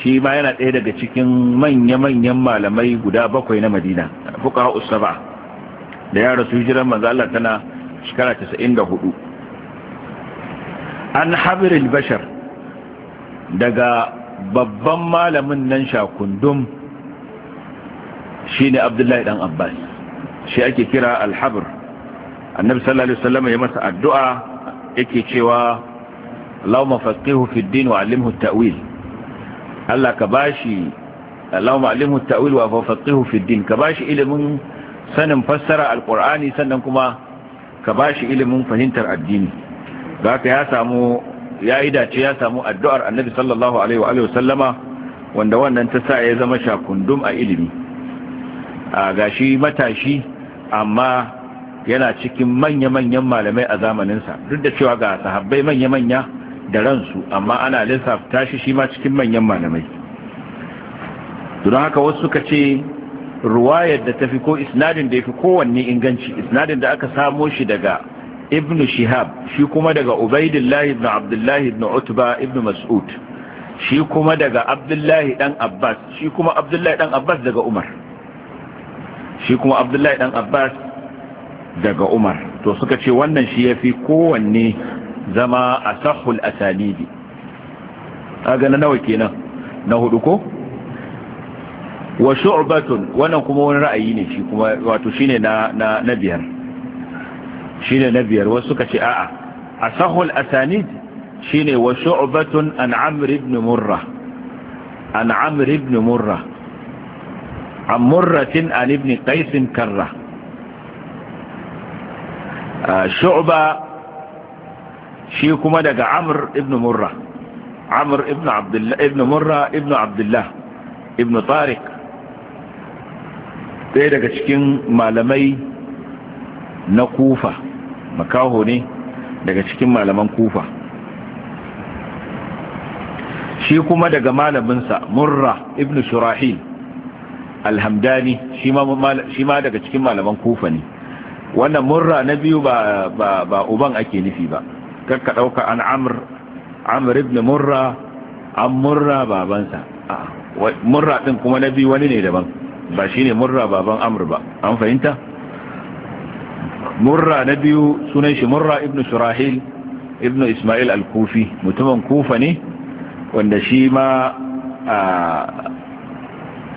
shi ma yana ɗaya daga cikin manya-manyan malamai guda bakwai na madina fuka ha'us saba da ya rasu hijiran manzo Allah tana shekara 94 an habiril bashar daga babban malamin nan shakundum shine abdullahi dan abbas shi ake kira alhabr annabi sallallahu alaihi wasallam ya masa addu'a yake cewa Allahumma faqihu fi din wa allimhu at-ta'wil Allah ka bashi Allahumma allimhu at-ta'wil wa faqihu fi din ka bashi ilimin sanin fassara alqur'ani sannan kuma ka bashi ilimin fahimtar addini zaka ya samu ya yi dace ya samu addu'ar annabi sallallahu alaihi sallama wanda wannan ta sa ya zama shakundum a ilimi a gashi matashi amma yana cikin manya-manyan malamai a zamaninsa duk da cewa ga sahabbai manya-manya da ransu amma ana lissafta shi shi ma cikin manyan malamai don haka wasu suka ce ruwayar da tafi ko isnadin da ya fi kowanne inganci isnadin da aka samo shi daga ibn shihab shi kuma daga ubaidillahi ibn abdullahi ibn utba ibn mas'ud shi kuma daga abdullahi dan abbas shi kuma abdullahi dan abbas daga umar shi kuma abdullahi dan abbas daga umar to suka ce wannan shi yafi kowanne zama asahul asanidi kaga na nawa kenan na hudu ko wa shu'batun wannan kuma wani ra'ayi ne shi kuma wato shine na na biyar shine na biyar wasu suka ce a'a asahul asanid shine wa shu'batun an amr ibn murra an amr ibn murra an murratin an ibn qais karra ah, shu'ba shi kuma daga amr ibn murra amr ibn abdullah ibn murra ibn abdullah ibn tariq ɗaya daga cikin malamai na kufa makaho ne daga cikin malaman kufa shi kuma daga malaminsa murra ibn shurahil alhamdani shi ma daga cikin malaman kufa ne wannan murra na biyu ba uban ake nufi ba kakka ɗauka an amur amur ibn murra an murra babansa murra ɗin kuma na biyu wani ne daban ba shi ne murra baban amur ba an fahimta? murra na biyu sunan shi murra ibn shurahil ibn ismail al-kufi mutumin kufa ne wanda shi ma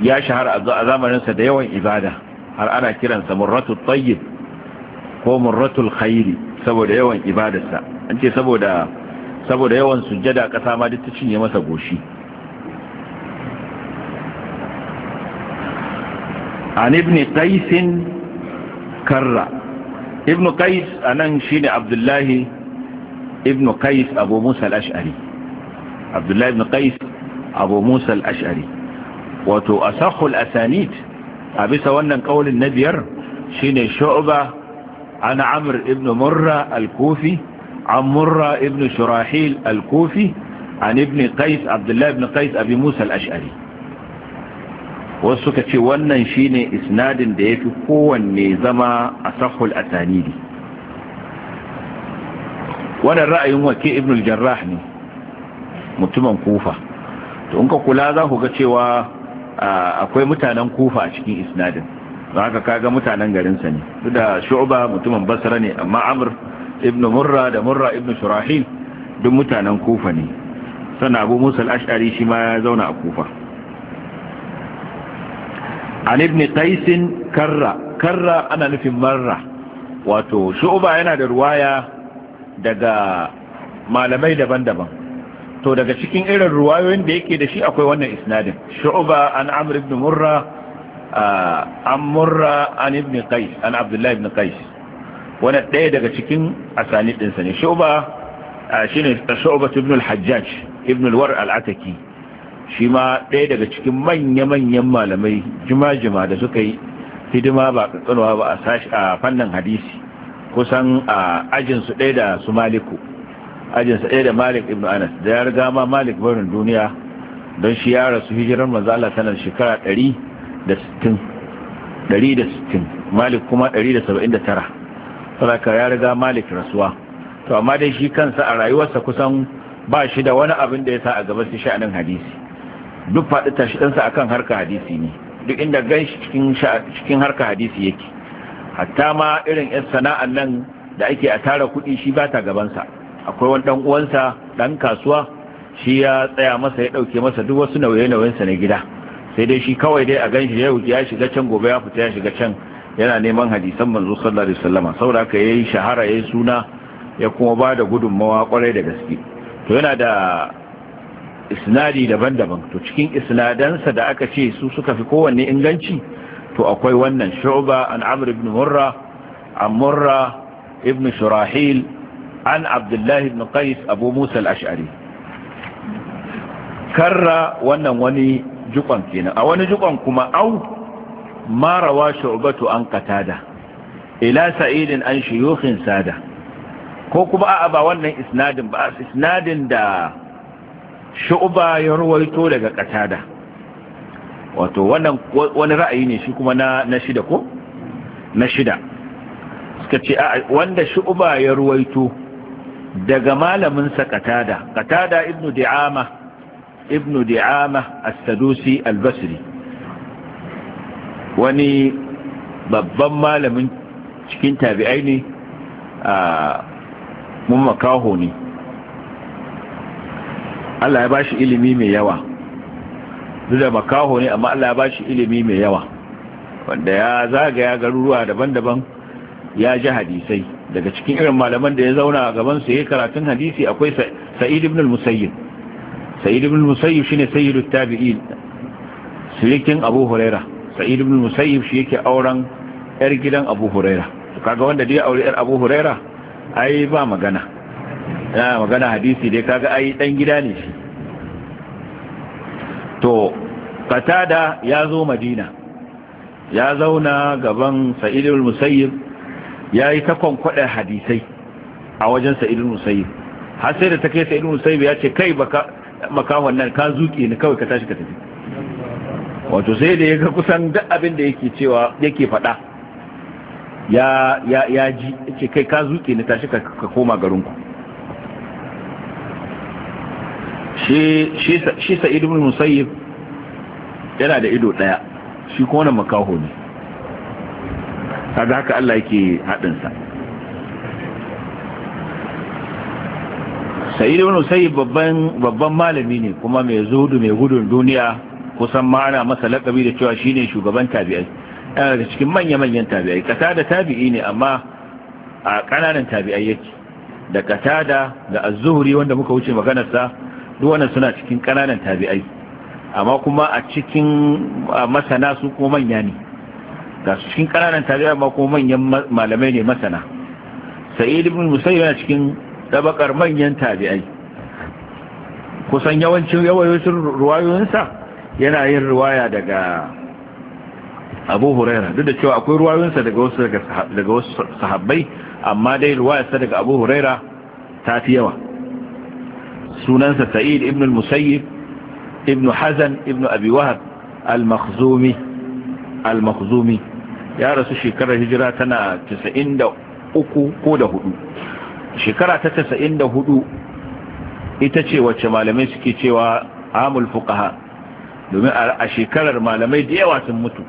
ya shahara a zamaninsa da yawan ibada har ana kiransa murratul tayyib ko murratul khairi saboda yawan ibadarsa an ce saboda saboda yawan sujjada kasa ma duk ta cinye masa goshi an ibn qais karra ابن قيس انا شيني عبد الله ابن قيس ابو موسى الاشعري عبد الله ابن قيس ابو موسى الاشعري وتو اسخ الاسانيد ابيسا وانن قول النذير شيني شعبة عن عمر ابن مرة الكوفي عن مرة ابن شراحيل الكوفي عن ابن قيس عبد الله ابن قيس ابي موسى الاشعري wasu suka ce wannan shine isnadin da ya fi kowanne zama a sahul tanidi wannan ra'ayin wake ibn jarrah ne mutumin kufa to in ka kula za ku ga cewa akwai mutanen kufa a cikin isnadin don ka ga mutanen garinsa ne su da shu'ba mutumin basra ne amma amur ibn murra da murra ibn shurahil duk mutanen kufa ne sannan abu musul ash'ari shi ma ya zauna a kufa an ibn qaisin karra karra ana nufin marra wato shu'ba yana da ruwaya daga malamai daban-daban to daga cikin irin ruwayoyin da yake da shi akwai wannan isnadin shu'ba an amr ibn murra an murra an ibn qais an abdullah ibn qais wani ɗaya daga cikin asanidinsa ne shu'ba shine shu'ba ibn al-hajjaj ibn al-war al-ataki shi ma ɗaya daga cikin manya-manyan malamai jima-jima da suka yi hidima ba ƙaƙƙanwa ba a fannin hadisi kusan a ajinsu ɗaya da su maliku ajinsu ɗaya da malik ibn anas da ya riga ma malik barin duniya don shi ya rasu hijirar manzala sanar shekara 160 malik kuma 179 saraka ya riga malik rasuwa to amma dai shi kansa a rayuwarsa kusan ba shi da wani abin da ya sa a gaba su sha'anin hadisi duk faɗi tashi ɗansa kan harka hadisi ne duk inda gan cikin harka hadisi yake hatta ma irin 'yan sana'an nan da ake a tara kuɗi shi ba ta gabansa akwai wani ɗan uwansa ɗan kasuwa shi ya tsaya masa ya ɗauke masa duk wasu nauye-nauyensa na gida sai dai shi kawai dai a gan shi ya shiga can gobe ya fita ya shiga can yana neman hadisan manzo sallallahu alaihi wasallam saboda haka yayi shahara yayi suna ya kuma ba da gudunmawa kwarai da gaske to yana da isnadi daban-daban to cikin isnadansa da aka ce su suka fi kowanne inganci to akwai wannan shu'ba an amr ibn murra an murra ibn shurahil an Abdullahi ibn qais abu musa al-ash'ari karra wannan wani jukon kenan a wani jukon kuma au marawa shu'batu an katada, ila sa'idin an shuyukhin sada ko kuma a ba wannan isnadin ba isnadin da shu'ba ya ruwaito daga katada wato wani ra'ayi ne shi kuma na shida ko na shida suka ce wanda shu'ba ya ruwaito daga malamin sa katada ibnu di'ama ibnu di'ama as-sadusi al-basri wani babban malamin cikin tabi'ai ne a mun makaho ne Allah ya bashi ilimi mai yawa duk da makaho ne amma Allah ya bashi ilimi mai yawa wanda ya zagaya garuruwa daban-daban ya ji hadisai daga cikin irin malaman da ya zauna a gaban su yayin karatun hadisi akwai Sa'id ibn al-Musayyib Sa'id ibn al-Musayyib shine sayyidut tabi'in sirikin Abu Huraira Sa'id ibn al-Musayyib shi yake auren yar gidan Abu Huraira kaga wanda da ya aure yar Abu Huraira ai ba magana ya magana hadisi dai kaga ai dan gida ne shi to qatada ya zo madina ya zauna gaban sa'idul musayyib yayi ta konkwada hadisai a wajen sa'idul musayyib har sai da ta sa'idul musayyib ya ce kai baka makawan nan ka zuke ni kawai ka tashi ka tafi wato sai da ya ga kusan duk abin da yake cewa yake faɗa ya ya ya ji ce kai ka zuke ni tashi ka koma garinku shi sa ibn musayyib yana da ido daya shi kuma wani makaho ne da haka Allah yake haɗinsa. Sa'idu sa'id babban malami ne kuma mai zuhudu mai gudun duniya kusan ma ana masa lakabi da cewa shine shugaban tabi'ai yana da cikin manya-manyan tabi'ai kasa da tabi'i ne amma a ƙananan tabi'ai yake da ƙasada da azuhuri wanda muka wuce maganarsa duk wannan suna cikin ƙananan tabi'ai amma kuma a cikin masana su ko manya ne ga su cikin ƙananan tabi'ai amma ko manyan malamai ne masana sa'id ibn musayyib yana cikin tabakar manyan tabi'ai kusan yawancin yawayoyin ruwayoyinsa yana yin ruwaya daga abu huraira duk da cewa akwai ruwayoyinsa daga wasu daga wasu sahabbai amma dai ruwayarsa daga abu huraira ta fi yawa sunansa sa'id ibn al ibn hazan ibn abi wahab al-makhzumi ya rasu shekarar hijira tana 93 ko da hudu shekara ta 94 ita ce wacce malamai suke cewa amul fuqaha domin a shekarar malamai da yawa sun mutu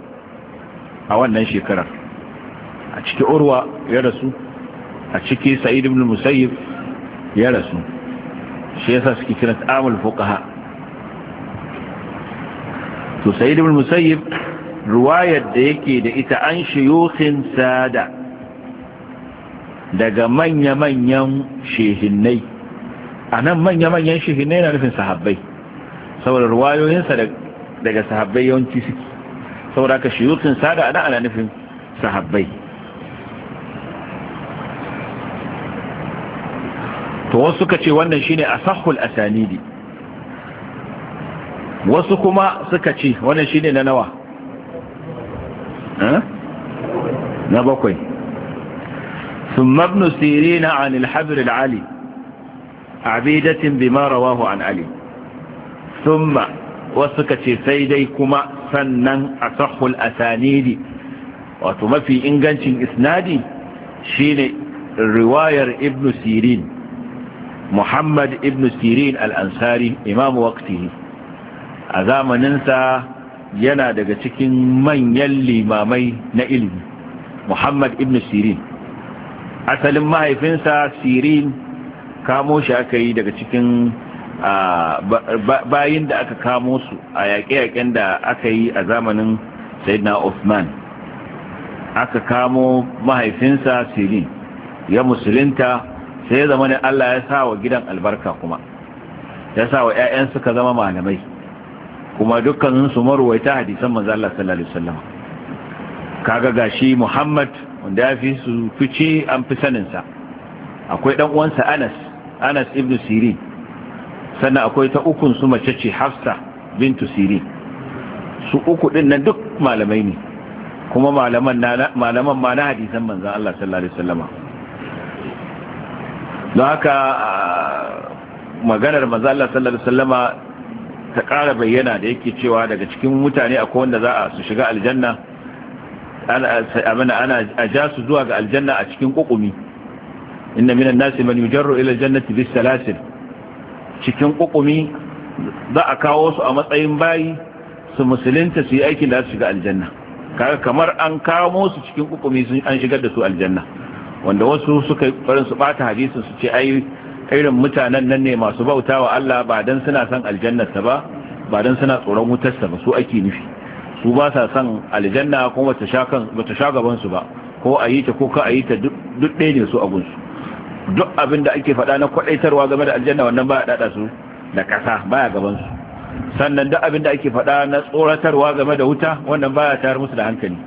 a wannan shekarar a ciki urwa ya rasu a ciki sa'id ibn musayyib ya rasu shi yasa suke kira ta'amul fuqaha to sayyid ibn musayyib riwayar da yake da ita an shuyukhin sada daga manya-manyan shehinnai a nan manya-manyan shehinnai na nufin sahabbai saboda ruwayoyinsa daga sahabbai yawanci suke saboda ka shuyukhin sada ana, ana nufin sahabbai to wasu suka ce wannan shine asahhul asanidi wasu kuma suka ce wannan shine na nawa na bakwai ثم ابن سيرين عن الحبر العالي عبيدة بما رواه عن علي ثم وسكت سيديكما سنن أصح الأسانيد وتما في إنجانش إسنادي شين رواية ابن سيرين muhammad ibn sirin al'ansari imamu waktihi a zamaninsa yana daga cikin manyan limamai na ilimi muhammad ibn sirin asalin mahaifinsa sirin kamo shi aka yi daga cikin bayin da aka kamo su a yaƙe-yaƙen da aka yi a zamanin sayyidina Uthman aka kamo mahaifinsa Sirin ya musulunta sai zama ne Allah ya sa wa gidan albarka kuma ya sa wa 'ya'yan suka zama malamai kuma dukkanin su marwaita hadisan manzo Allah sallallahu alaihi wasallam kaga gashi Muhammad wanda ya fi su fice an fi sanin sa akwai dan uwansa Anas Anas ibn Sirin sannan akwai ta ukun su mace ce Hafsa bintu Sirin su uku din nan duk malamai ne kuma malaman ma na hadisan manzo Allah sallallahu alaihi wasallam don haka maganar mazala sallallahu sallama ta ƙara bayyana da yake cewa daga cikin mutane akwai wanda za a su shiga aljanna ana a ja su zuwa ga aljanna a cikin ƙuƙumi inna minan nasi man yujarru ila aljannati bis salasil cikin ƙuƙumi za a kawo su a matsayin bayi su musulunta su yi aikin da su shiga aljanna kaga kamar an kawo su cikin ƙuƙumi sun an shigar da su aljanna wanda wasu suka yi farin su bata hadisin su ce ai irin mutanen nan ne masu bauta wa Allah ba dan suna son aljannarsa ba ba dan suna tsoron wutarsa ba su ake nufi su ba sa son aljanna ko bata sha kan bata su ba ko a yi ta ko ka a ta duk ɗaya ne su a gunsu duk abin da ake faɗa na kwaɗaitarwa game da aljanna wannan ba ya daɗa su da ƙasa baya gaban su sannan duk abin da ake faɗa na tsoratarwa game da wuta wannan baya tayar musu da hankali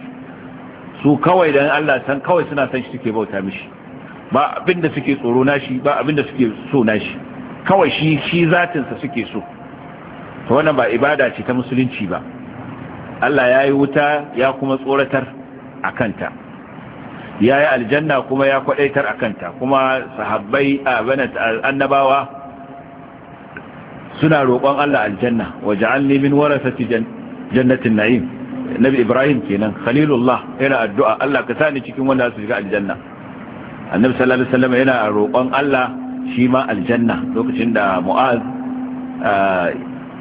su kawai dan Allah san kawai suna san shi suke bauta mishi ba abinda suke tsoro nashi ba abinda suke so nashi kawai shi shi zatinsa suke so to wannan ba ibada ce ta musulunci ba Allah ya yi wuta ya kuma tsoratar a kanta ya yi aljanna kuma ya kwadaitar a kanta kuma sahabbai a annabawa suna roƙon Allah aljanna wa ja'alni min warasati jannatin na'im Nabi ibrahim kenan khalilullah yana addu'a Allah ka sani cikin wanda su shiga aljanna annabi sallallahu alaihi wasallam yana roƙon Allah shi ma aljanna lokacin da mu'az ah,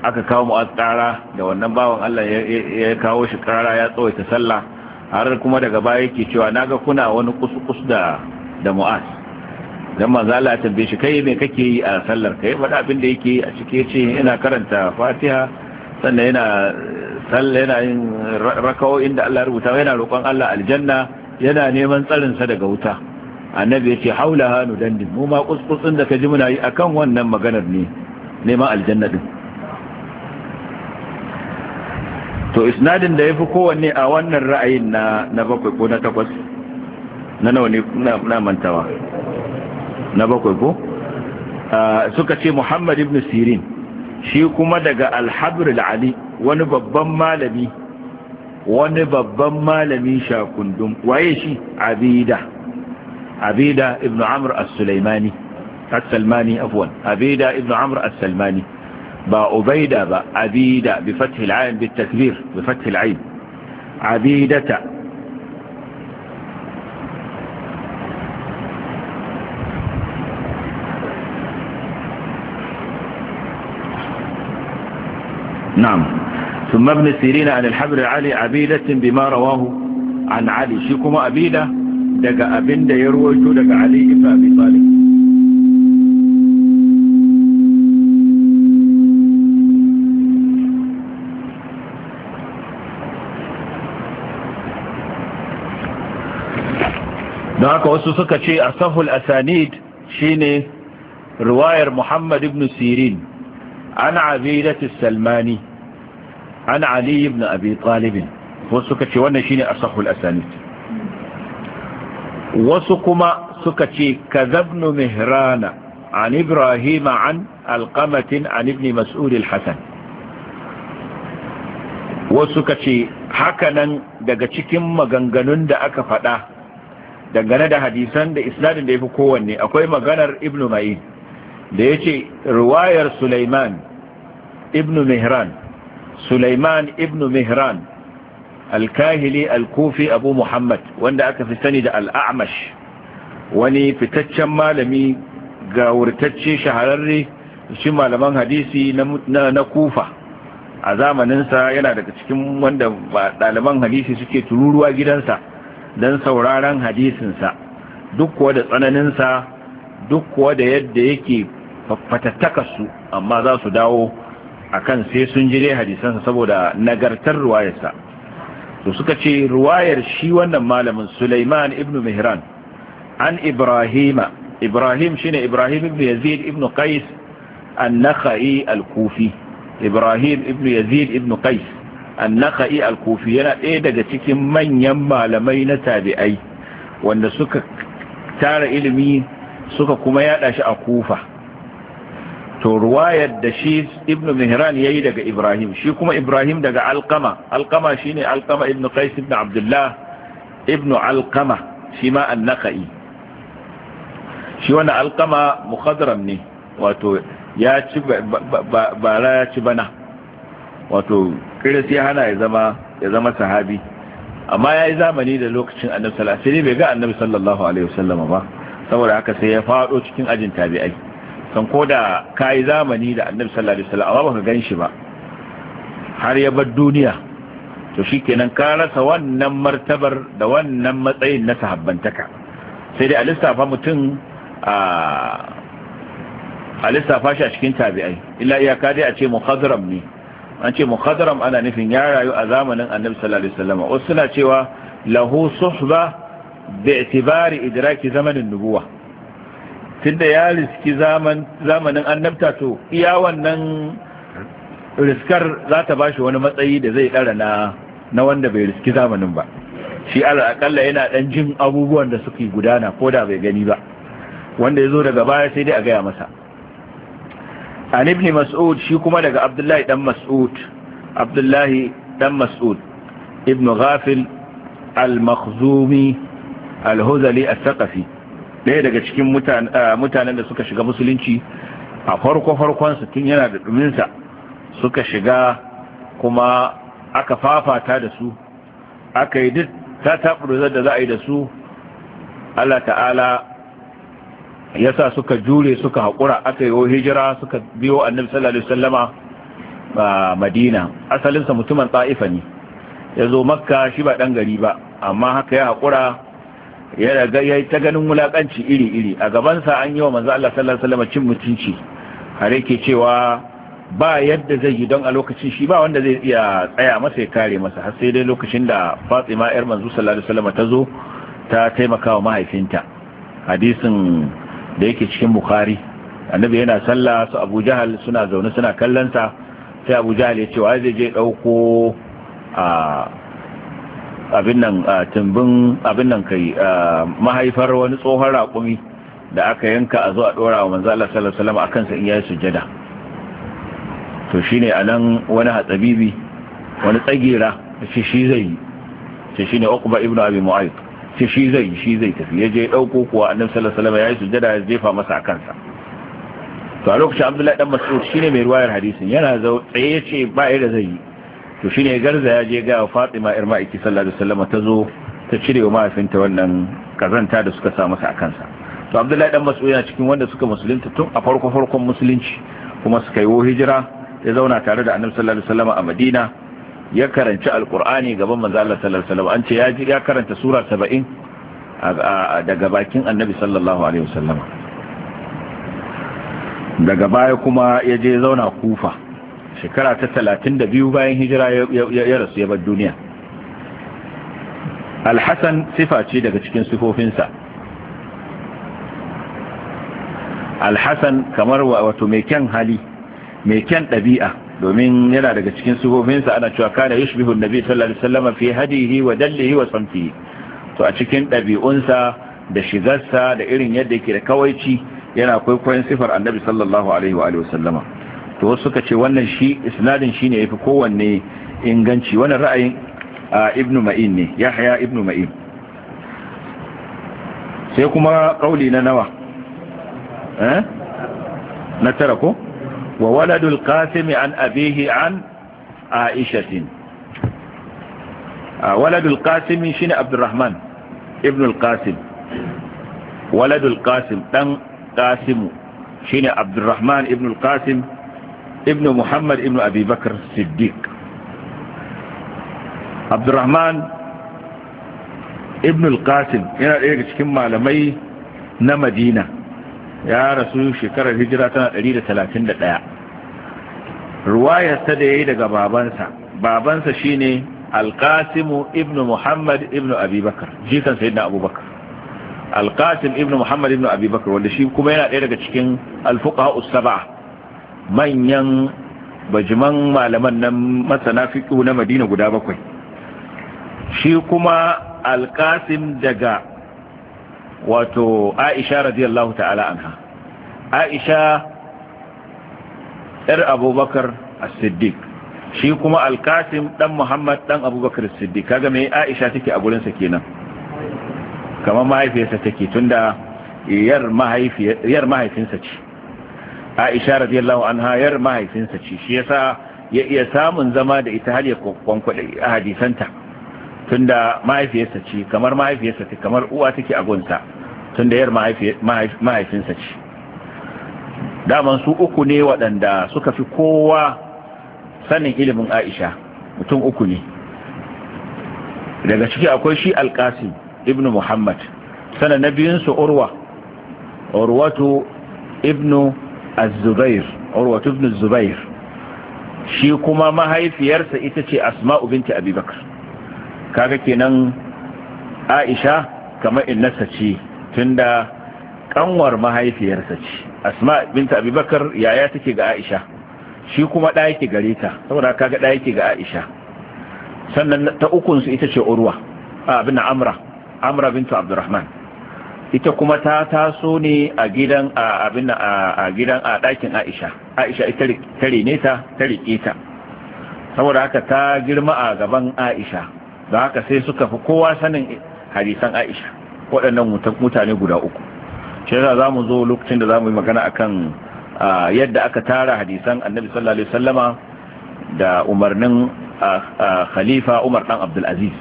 aka kawo mu'az ƙara da wannan bawan Allah ya kawo shi ƙara ya tsawaita sallah har kuma daga baya yake cewa naga kuna wani kusukus da da mu'az dan manzo Allah ya tambaye shi kai me kake yi a sallar kai faɗa abin da yake a cike ce ina karanta Fatiha sannan yana sallah yana yin rakawo inda Allah rubuta yana roƙon Allah aljanna yana neman tsarinsa daga wuta annabi yace haula hanu dandi mu ma kuskutsun da kaji muna yi akan wannan maganar ne neman aljanna din to isnadin da yafi kowanne a wannan ra'ayin na na bakwai ko na takwas na nawa ne na mantawa na bakwai ko ah, suka ce Muhammad ibn Sirin shi kuma daga alhabr ali wani babban malami wani babban malami shakundum waye shi abida abida ibn amr as-sulaimani as-salmani afwan abida ibn amr as-salmani ba ubaida ba abida bi fath al-ayn bi takbir bi fath al-ayn abidata نعم ثم ابن سيرين عن الحبر علي عبيدة بما رواه عن علي شكما أبيدة دقى أبن دا يروج علي إبا أبي طالب دعاك أسسك شيء أصف الأسانيد شيني رواير محمد بن سيرين عن عبيدة السلماني an ali ibn abi talib wasu ce wannan shine asahul asanid wasu kuma suka ce kazabnu mihrana an ibrahim an alqamatin an ibn mas'ud al wasu ka ce hakanan daga cikin maganganun da aka faɗa dangane da hadisan da isnadin da ya fi kowanne akwai maganar ibnu ma'in da ya ce ruwayar suleiman mihran Sulaiman ibnu Mihran alkahili alkufi abu Muhammad wanda aka fi sani da al'amash wani fitaccen malami ga wurtacce shahararre shi malaman hadisi na kufa a zamaninsa yana daga cikin wanda ɗaliban hadisi suke tururuwa gidansa don sauraron hadisinsa duk kuwa da tsananinsa duk kuwa da yadda yake fatattakasu amma za su dawo akan sai sun jire hadisansa saboda nagartar ruwayarsa to suka ce ruwayar shi wannan malamin Sulaiman ibn Mihran an Ibrahima Ibrahim shine Ibrahim ibn Yazid ibn Qais an-Nakhai al-Kufi Ibrahim ibn Yazid ibn Qais an-Nakhai al-Kufi yana ɗaya daga cikin manyan malamai na tabi'ai wanda suka tara ilimi suka kuma yada shi a Kufa to ruwayar da shi ibn mihran yayi daga ibrahim shi kuma ibrahim daga alqama alqama shine alqama ibn qais ibn abdullah ibn alqama shi ma an-nakhai shi wannan alqama mukhadram ne wato ya ci ba bara ya ci bana wato kiris ya hana ya zama ya zama sahabi amma yayi zamani da lokacin annabi sallallahu alaihi wasallam bai ga annabi sallallahu alaihi wasallam ba saboda haka sai ya fado cikin ajin tabi'ai kan ko da ka yi zamani da annabi sallallahu alaihi wasallam amma ka gan shi ba har ya bar duniya to shikenan ka rasa wannan martabar da wannan matsayin na sahabbantaka sai dai a lissafa mutum a lissafa shi a cikin tabi'ai illa iyaka dai a ce muhazram ne an ce muhazram ana nufin ya rayu a zamanin annabi sallallahu alaihi wasallam wasu suna cewa lahu suhba bi'tibari idraki zamanin nubuwa tunda ya riski zamanin annabta to iya wannan riskar za ta ba shi wani matsayi da zai ɗara na wanda bai riski zamanin ba shi al'akalla yana ɗan jin abubuwan da suke gudana ko da bai gani ba wanda ya zo daga baya sai dai a gaya masa an ibn mas'ud shi kuma daga abdullahi dan mas'ud abdullahi dan mas'ud ibn ghafil al-makhzumi al-huzali al-thaqafi ɗaya daga cikin ah, mutanen da suka shiga musulunci a farko-farkonsa tun yana da ɗuminsa suka shiga kuma aka fafata da su aka yi duk ta taɓurzar da za a yi da su Allah ta'ala ya sa suka jure suka haƙura aka yi hijira suka biyo annabi sallallahu alaihi wasallama a madina asalinsa mutumin tsa'ifa ne ya zo makka shi ba ɗan gari ba amma haka ya haƙura ya ga yayi ta ganin wulakanci iri-iri a gabansa an yi wa manzo Allah sallallahu alaihi wasallam cin mutunci har yake cewa ba yadda zai yi don a lokacin shi ba wanda zai iya tsaya masa ya kare masa har sai dai lokacin da Fatima yar manzo sallallahu alaihi wasallam ta zo ta taimaka wa mahaifinta hadisin da yake cikin Bukhari annabi yana sallah su Abu Jahal suna zaune suna kallon sa sai Abu Jahal ya ce wa zai je dauko a abin nan tumbin abin nan kai mahaifar wani tsohon raƙumi da aka yanka a zo a ɗora wa manzo Allah sallallahu alaihi wasallam akan sa in yayi sujada to shine anan wani hatsabibi wani tsagira shi shi zai shi shine Uqba ibn Abi Mu'ayth shi shi zai shi zai tafi ya je dauko kuwa annabi sallallahu alaihi wasallam yayi sujada ya jefa masa akan sa to a lokacin Abdullahi dan Mas'ud shine mai ruwayar hadisin yana zo tsaye ce ba yadda zai yi to shi ne garza ya je ga fatima irma aiki sallallahu alaihi wasallam ta zo ta cire wa mahaifinta wannan kazanta da suka sa masa a kansa to abdullahi dan mas'ud yana cikin wanda suka musulunta tun a farko farkon musulunci kuma suka yi hijira ya zauna tare da annabi sallallahu alaihi wasallam a madina ya karanci alqur'ani gaban manzo Allah sallallahu alaihi wasallam an ce ya ji ya karanta sura 70 daga bakin annabi sallallahu alaihi wasallam daga baya kuma ya je zauna kufa shekara ta talatin da biyu bayan hijira ya rasu ya bar duniya alhassan sifa ce daga cikin sifofinsa alhassan kamar wato mai kyan hali mai kyan ɗabi'a domin yana daga cikin sifofinsa ana cewa kana yushbihu nabi sallallahu alaihi wasallam fi hadihi wa dallihi wa samtihi to a cikin ɗabi'unsa da shigarsa da irin yadda yake da kawaici yana kwaikwayon sifar annabi sallallahu alaihi wa alihi to suka ce wannan shi isnadin shine yafi kowanne inganci wannan ra'ayin ibn ma'in ne yahya ibn ma'in sai kuma kauli na nawa eh na tara ko wa waladul qasim an abihi an Aisha A waladul qasim shine abdurrahman ibn al-qasim waladul qasim dan qasimu shine abdurrahman ibn al-qasim ibn muhammad ibn abubakar siddiq abdurrahman ibn al-qasim yana ɗaya daga cikin malamai na madina ya rasu shekarar hijira tana 131 ruwayarsa da ya yi daga babansa babansa shine alkasimu ibn muhammad ibn abubakar jikan sayi na abubakar alkasim ibn muhammad ibn abubakar wanda shi kuma yana ɗaya daga cikin alfuka usaba manyan bajiman malaman nan masana fiƙo na madina guda bakwai shi kuma alƙasim daga wato aisha radiyallahu ta'ala anha aisha ɗar abubakar as-siddiq shi kuma alƙasim ɗan muhammad ɗan abubakar as-siddiq kaga mai aisha take a gurinsa kenan kamar mahaifiyarsa take tunda yar mahaifinsa ce aisha radiyallahu anha yar mahaifinsa ce shi yasa ya iya samun zama da ita har ya kwankwada a hadisanta tunda mahaifiyarsa ce kamar mahaifiyarsa ce kamar uwa take a gunsa tunda yar mahaifinsa ce daman su uku ne waɗanda suka fi kowa sanin ilimin aisha mutum uku ne daga ciki akwai shi alkasim ibn muhammad sana na biyunsu urwa urwatu ibnu az-zubair urwatu ibn az-zubair shi kuma mahaifiyarsa ita ce asma'u binti abubakar kaga kenan aisha kamar innasa ce tunda ƙanwar mahaifiyarsa ce asma binti abubakar yaya take ga aisha shi kuma ɗaya yake gare ta saboda kaga ɗaya yake ga aisha sannan ta ukunsu ita ce urwa abin amra amra bintu abdurrahman ita kuma ta taso ne a gidan a abin a gidan a ɗakin Aisha Aisha ita tare ne ta tare ta saboda haka ta girma a gaban Aisha don haka sai suka fi kowa sanin hadisan Aisha waɗannan mutane guda uku shi za mu zo lokacin da za mu yi magana akan yadda aka tara hadisan Annabi sallallahu alaihi wasallama da umarnin khalifa Umar dan Abdul Aziz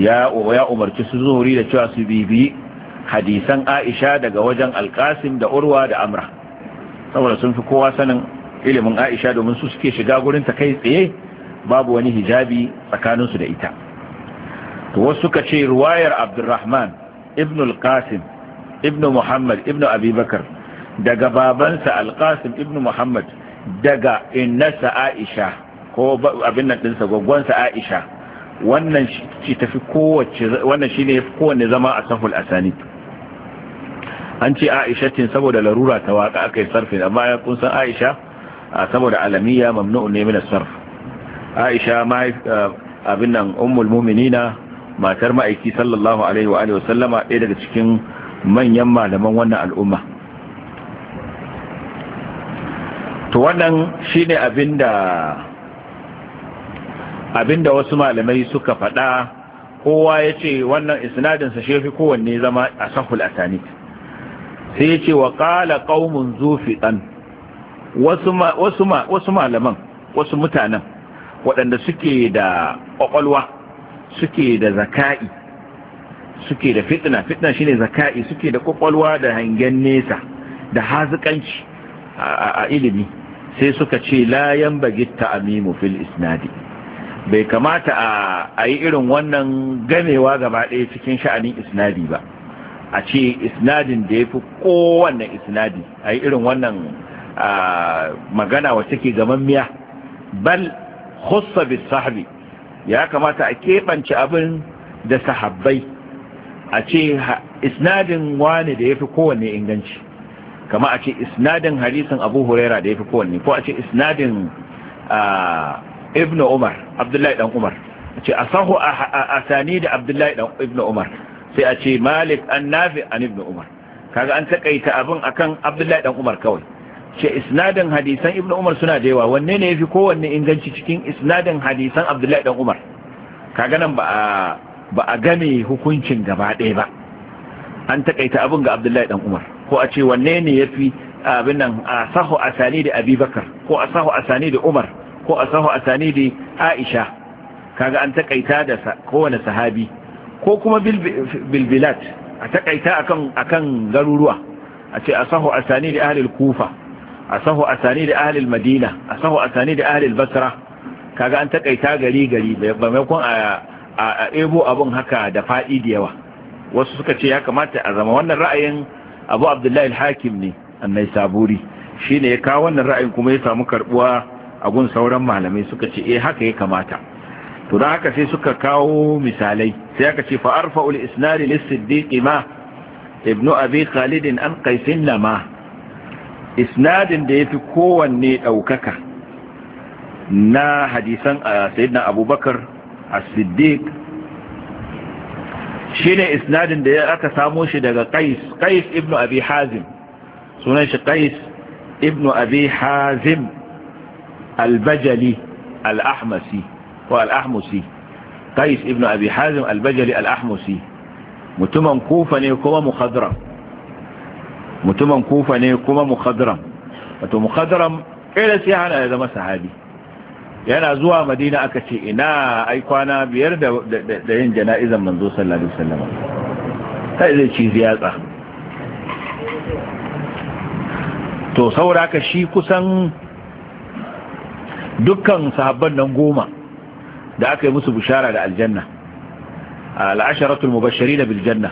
ya umarci su zuhuri da cewa su bibiyi. hadisan aisha daga wajen alkasim da urwa da amra saboda sun fi kowa sanin ilimin aisha domin su suke shiga gurin ta kai tsaye babu wani hijabi tsakaninsu da ita to wasu suka ce ruwayar abdurrahman ibn alkasim ibn muhammad ibn abubakar daga babansa alkasim ibn muhammad daga innasa aisha ko abin nan ɗinsa gwaggwansa aisha wannan shi tafi kowace wannan shine kowanne zama a saful asani an ce aisha tin saboda larura ta waka aka yi sarfin amma ya kun san aisha saboda alamiya mamnu'un ne min as-sarf aisha ma abin nan ummul mu'minina matar ma'aiki sallallahu alaihi wa alihi wasallama ɗaya daga cikin manyan malaman wannan al'umma to wannan shine abinda abinda wasu malamai suka faɗa kowa ya ce wannan isnadinsa shi fi kowanne zama a sahul asanid sai ya ce wa ƙala ƙaumin zufiɗan wasu malaman wasu mutanen waɗanda suke da ƙwaƙwalwa suke da zaka'i suke da fitna fitna shine zaka'i suke da ƙwaƙwalwa da hangen nesa da haziƙanci a ilimi sai suka ce layan bagitta amimu fil isnadi bai kamata a yi irin wannan gamewa gaba ɗaya cikin sha'anin isnadi ba a ce isnadin da ya fi kowanne isnadi a irin wannan magana wacce ke gaban miya bal hussa bi sahabi ya kamata a keɓance abin da sahabbai a ce isnadin wani da ya fi kowanne inganci kama a ce isnadin hadisin abu huraira da ya fi kowanne ko a ce isnadin ibn umar abdullahi dan umar a ce a sahu a sani da abdullahi dan ibn umar sai a ce malik an nafi an ibn umar kaga an takaita abin akan abdullahi dan umar kawai ce isnadin hadisan ibn umar suna da yawa wanne ne yafi kowanne inganci cikin isnadin hadisan abdullahi dan umar kaga nan ba a ba a game hukuncin gaba ɗaya ba an takaita abin ga abdullahi dan umar ko a ce wanne ne yafi abin nan a sahu asani da abubakar ko a sahu asani da umar ko a sahu asani da aisha kaga an takaita da kowane sahabi ko kuma bilbilat a takaita akan garuruwa a ce a Sani da ahalil kufa a Sani da ahli madina a Sani da ahalil basra kaga an takaita gari gari ba a ebo abun haka da faɗi da yawa wasu suka ce ya kamata a zama wannan ra'ayin Abu Abdullahi hakim ne annai saburi ne ya kawo wannan ra'ayin kuma ya samu karbuwa a gun sauran malamai suka ce eh haka ya kamata to da haka sai suka kawo misalai sai aka ce fa arfa'ul isnari lis-siddiqi ma ibnu abi khalid an qaisin lama isnadin da yafi kowanne daukaka na hadisan sayyidina abubakar as-siddiq shine isnadin da aka samo shi daga qais qais ibnu abi hazim sunan shi qais ibnu abi hazim al-bajali al-ahmasi والأحمسي قيس ابن أبي حازم البجلي الأحمسي متمن كوفة نيكما مخضرم متمن كوفة نيكما مخضرم wato mukhadaram kaida sai hana ya zama sahabi yana zuwa madina aka ce ina ai kwana biyar da da yin jana'izan manzo sallallahu alaihi wasallam sai zai ci ziyatsa to saura ka shi kusan dukkan sahabban nan goma da aka yi musu bishara da aljanna al'asharatul mubashirin bil Biljanna.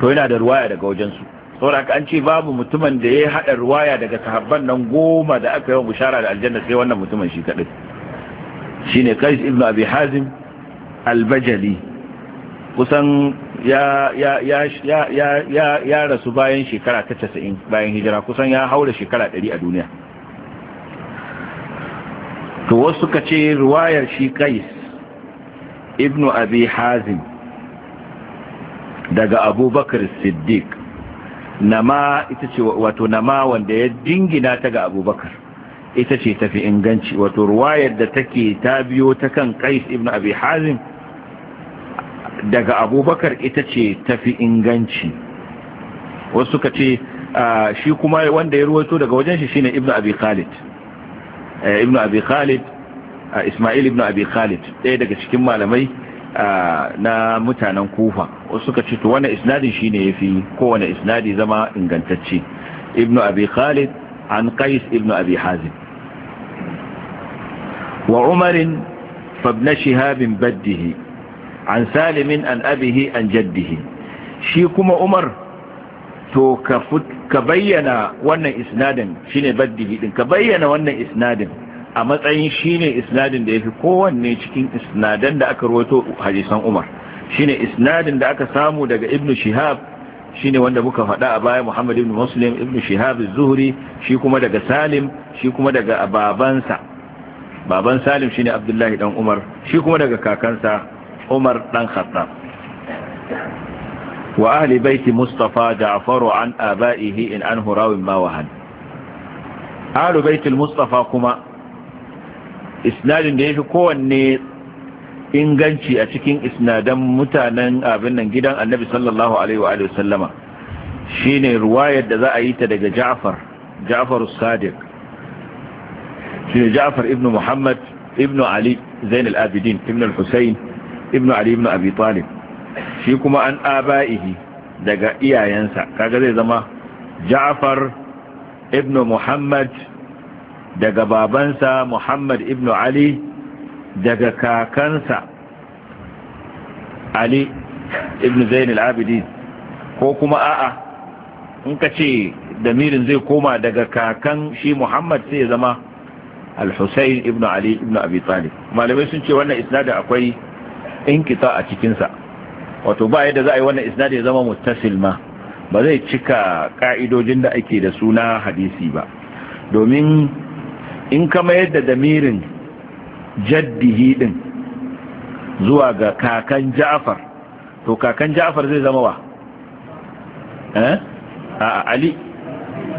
to yana da ruwaya daga wajensu. su saboda an ce babu mutumin da ya haɗa ruwaya daga sahabban nan goma da aka yi bishara da aljanna sai wannan mutumin shi kadai ne Qais ibn Abi Hazim al kusan ya rasu bayan shekara ta casa'in bayan hijira kusan ya haura shekara ɗari a duniya to wasu ka ce ruwayar shi Qais ibnu abi hazim daga abubakar siddiq nama ita ce wato nama wanda ya dingina ta ga abubakar ita ce tafi inganci wato ruwayar da take ta biyo ta kan qais ibnu abi hazim daga abubakar ita ce tafi inganci wasu suka ce shi kuma wanda ya ruwaito daga wajen shi shine ibnu abi khalid eh, ibn abi khalid Ismail ibn Abi Khalid ɗaya daga cikin malamai na mutanen Kufa suka ce to wannan isnadin shine yafi kowane isnadi zama ingantacce ibn Abi Khalid an Qais ibn Abi Hazim wa Umar ibn Shihab baddihi an Salim an abihi an jaddihi shi kuma Umar to ka bayyana wannan isnadin shine baddihi din ka bayyana wannan isnadin a matsayin shine isnadin da ya fi kowanne cikin isnadan da aka rawaito hadisan Umar shine isnadin da aka samu daga Ibn Shihab shine wanda muka faɗa a baya Muhammad ibn Muslim ibn Shihab zuhri shi kuma daga Salim shi kuma daga babansa baban Salim shine Abdullahi dan Umar shi kuma daga kakansa Umar dan Khattab wa ahli baiti Mustafa jafaru an abaihi in anhu rawin ma wahan ahli baiti Mustafa kuma isnadin da ya fi kowanne inganci a cikin isnadan mutanen abin nan gidan annabi sallallahu alaihi wa sallama ne ruwayar da za a yi ta daga ja'far ja'far sadiq ne ja'far ibn muhammad ibn ali zain al-abidin ibn al-husayn ibn ali ibn abi talib shi kuma an abaihi daga iyayensa kaga zai zama ja'far ibn muhammad daga babansa Muhammad ibn Ali daga kakansa Ali ibn Zain al-Abidin ko kuma a'a in ka ce damirin zai koma daga kakan shi Muhammad sai ya zama al-Husayn ibn Ali ibn Abi Talib malamai sun ce wannan isnadin akwai inkita a cikin sa wato ba yadda za a yi wannan isnadin ya zama muttasil ma ba zai cika ka'idojin da ake da suna hadisi ba domin in ka mayar da damirin jaddihi din zuwa ga kakan ja'afar to kakan ja'afar zai zama wa eh a ali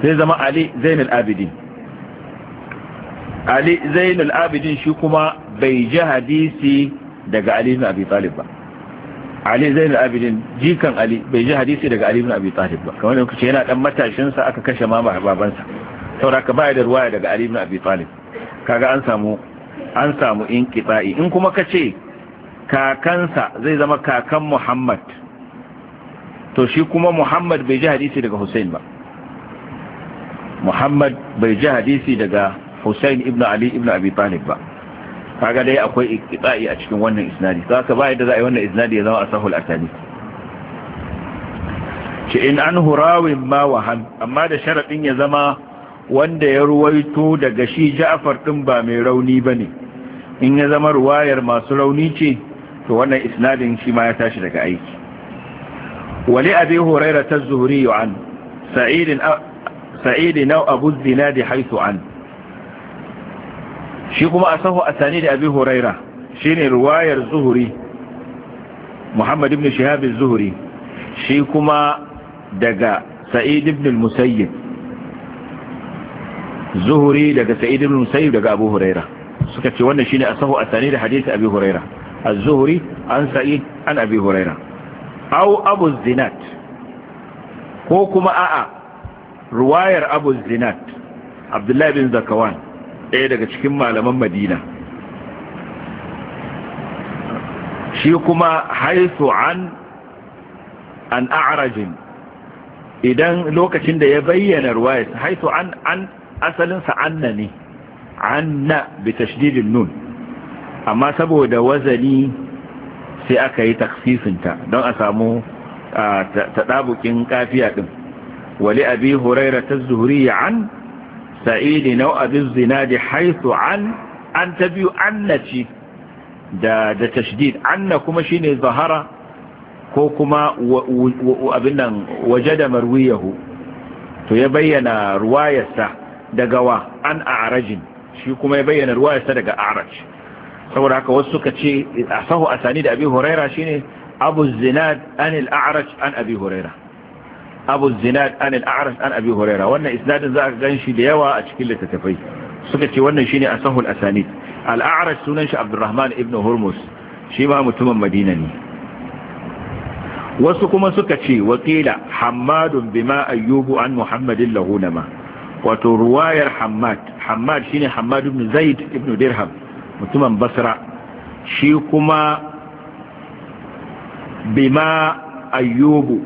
zai zama ali zainul abidin ali zainul abidin shi kuma bai ji hadisi daga ali ibn abi talib ba ali zainul abidin jikan ali bai ji hadisi daga ali ibn abi talib ba kamar da kuke yana dan matashin sa aka kashe mama babansa sauraka baya da ruwaya daga Ali ibn Abi Talib kaga an samu an samu inqita'i in kuma kace kakansa zai zama kakan Muhammad to shi kuma Muhammad bai ji hadisi daga Hussein ba Muhammad bai ji hadisi daga Hussein ibn Ali ibn Abi Talib ba kaga dai akwai iqta'i a cikin wannan isnadi saka ba da za a yi wannan isnadi ya zama asahul atani ce in an hurawin ma waham amma da sharadin ya zama wanda ya ruwaito daga shi ja'afar din ba mai rauni ba ne, in ya zama ruwayar masu rauni ce to wannan isnadin shi ma ya tashi daga aiki wali abi hurairah az-zuhri an sa'id sa'id naw abu zinad haythu an shi kuma asahu Sani da abi hurairah shine ruwayar zuhri muhammad ibn shihab az-zuhri shi kuma daga sa'id ibn al-musayyib zuhuri daga sa'id ibn sayyid daga abu huraira suka ce wannan shine asahu asani da hadisi abi huraira az-zuhri an sa'id an abi huraira aw abu zinat ko kuma a'a ruwayar abu zinat abdullahi bin zakawan ɗaya daga cikin malaman madina shi kuma haisu an an a'rajin idan lokacin da ya bayyana ruwayar haisu an an asalinsa anna ne anna bi tashdidin nun amma saboda wazani sai aka yi taksisinta don a samu taɗabukin kafiya ɗin wali abi huraira ta zuriya an sa'idi nau abin zinadi haisu an an ta biyu annaci da da tashdid anna kuma shine zahara ko kuma abin nan waje da marwiyahu to ya bayyana ruwayarsa daga wa an a'rajin shi kuma ya bayyana ruwayarsa daga a'raj saboda haka wasu suka ce asahu asani da abi huraira shine abu zinad an al an abi huraira abu zinad an al an abi huraira wannan isnadin za ka ganshi da yawa a cikin littattafai suka ce wannan shine asahul asanid al-a'raj sunan shi abdurrahman ibn hurmus shi ma mutumin madina ne wasu kuma suka ce wakila hammadun bima ayyubu an muhammadin lahunama wato ruwayar hamad hamad shine hamad ibn zaid ibn dirham mutumin basra shi kuma bima ayyubu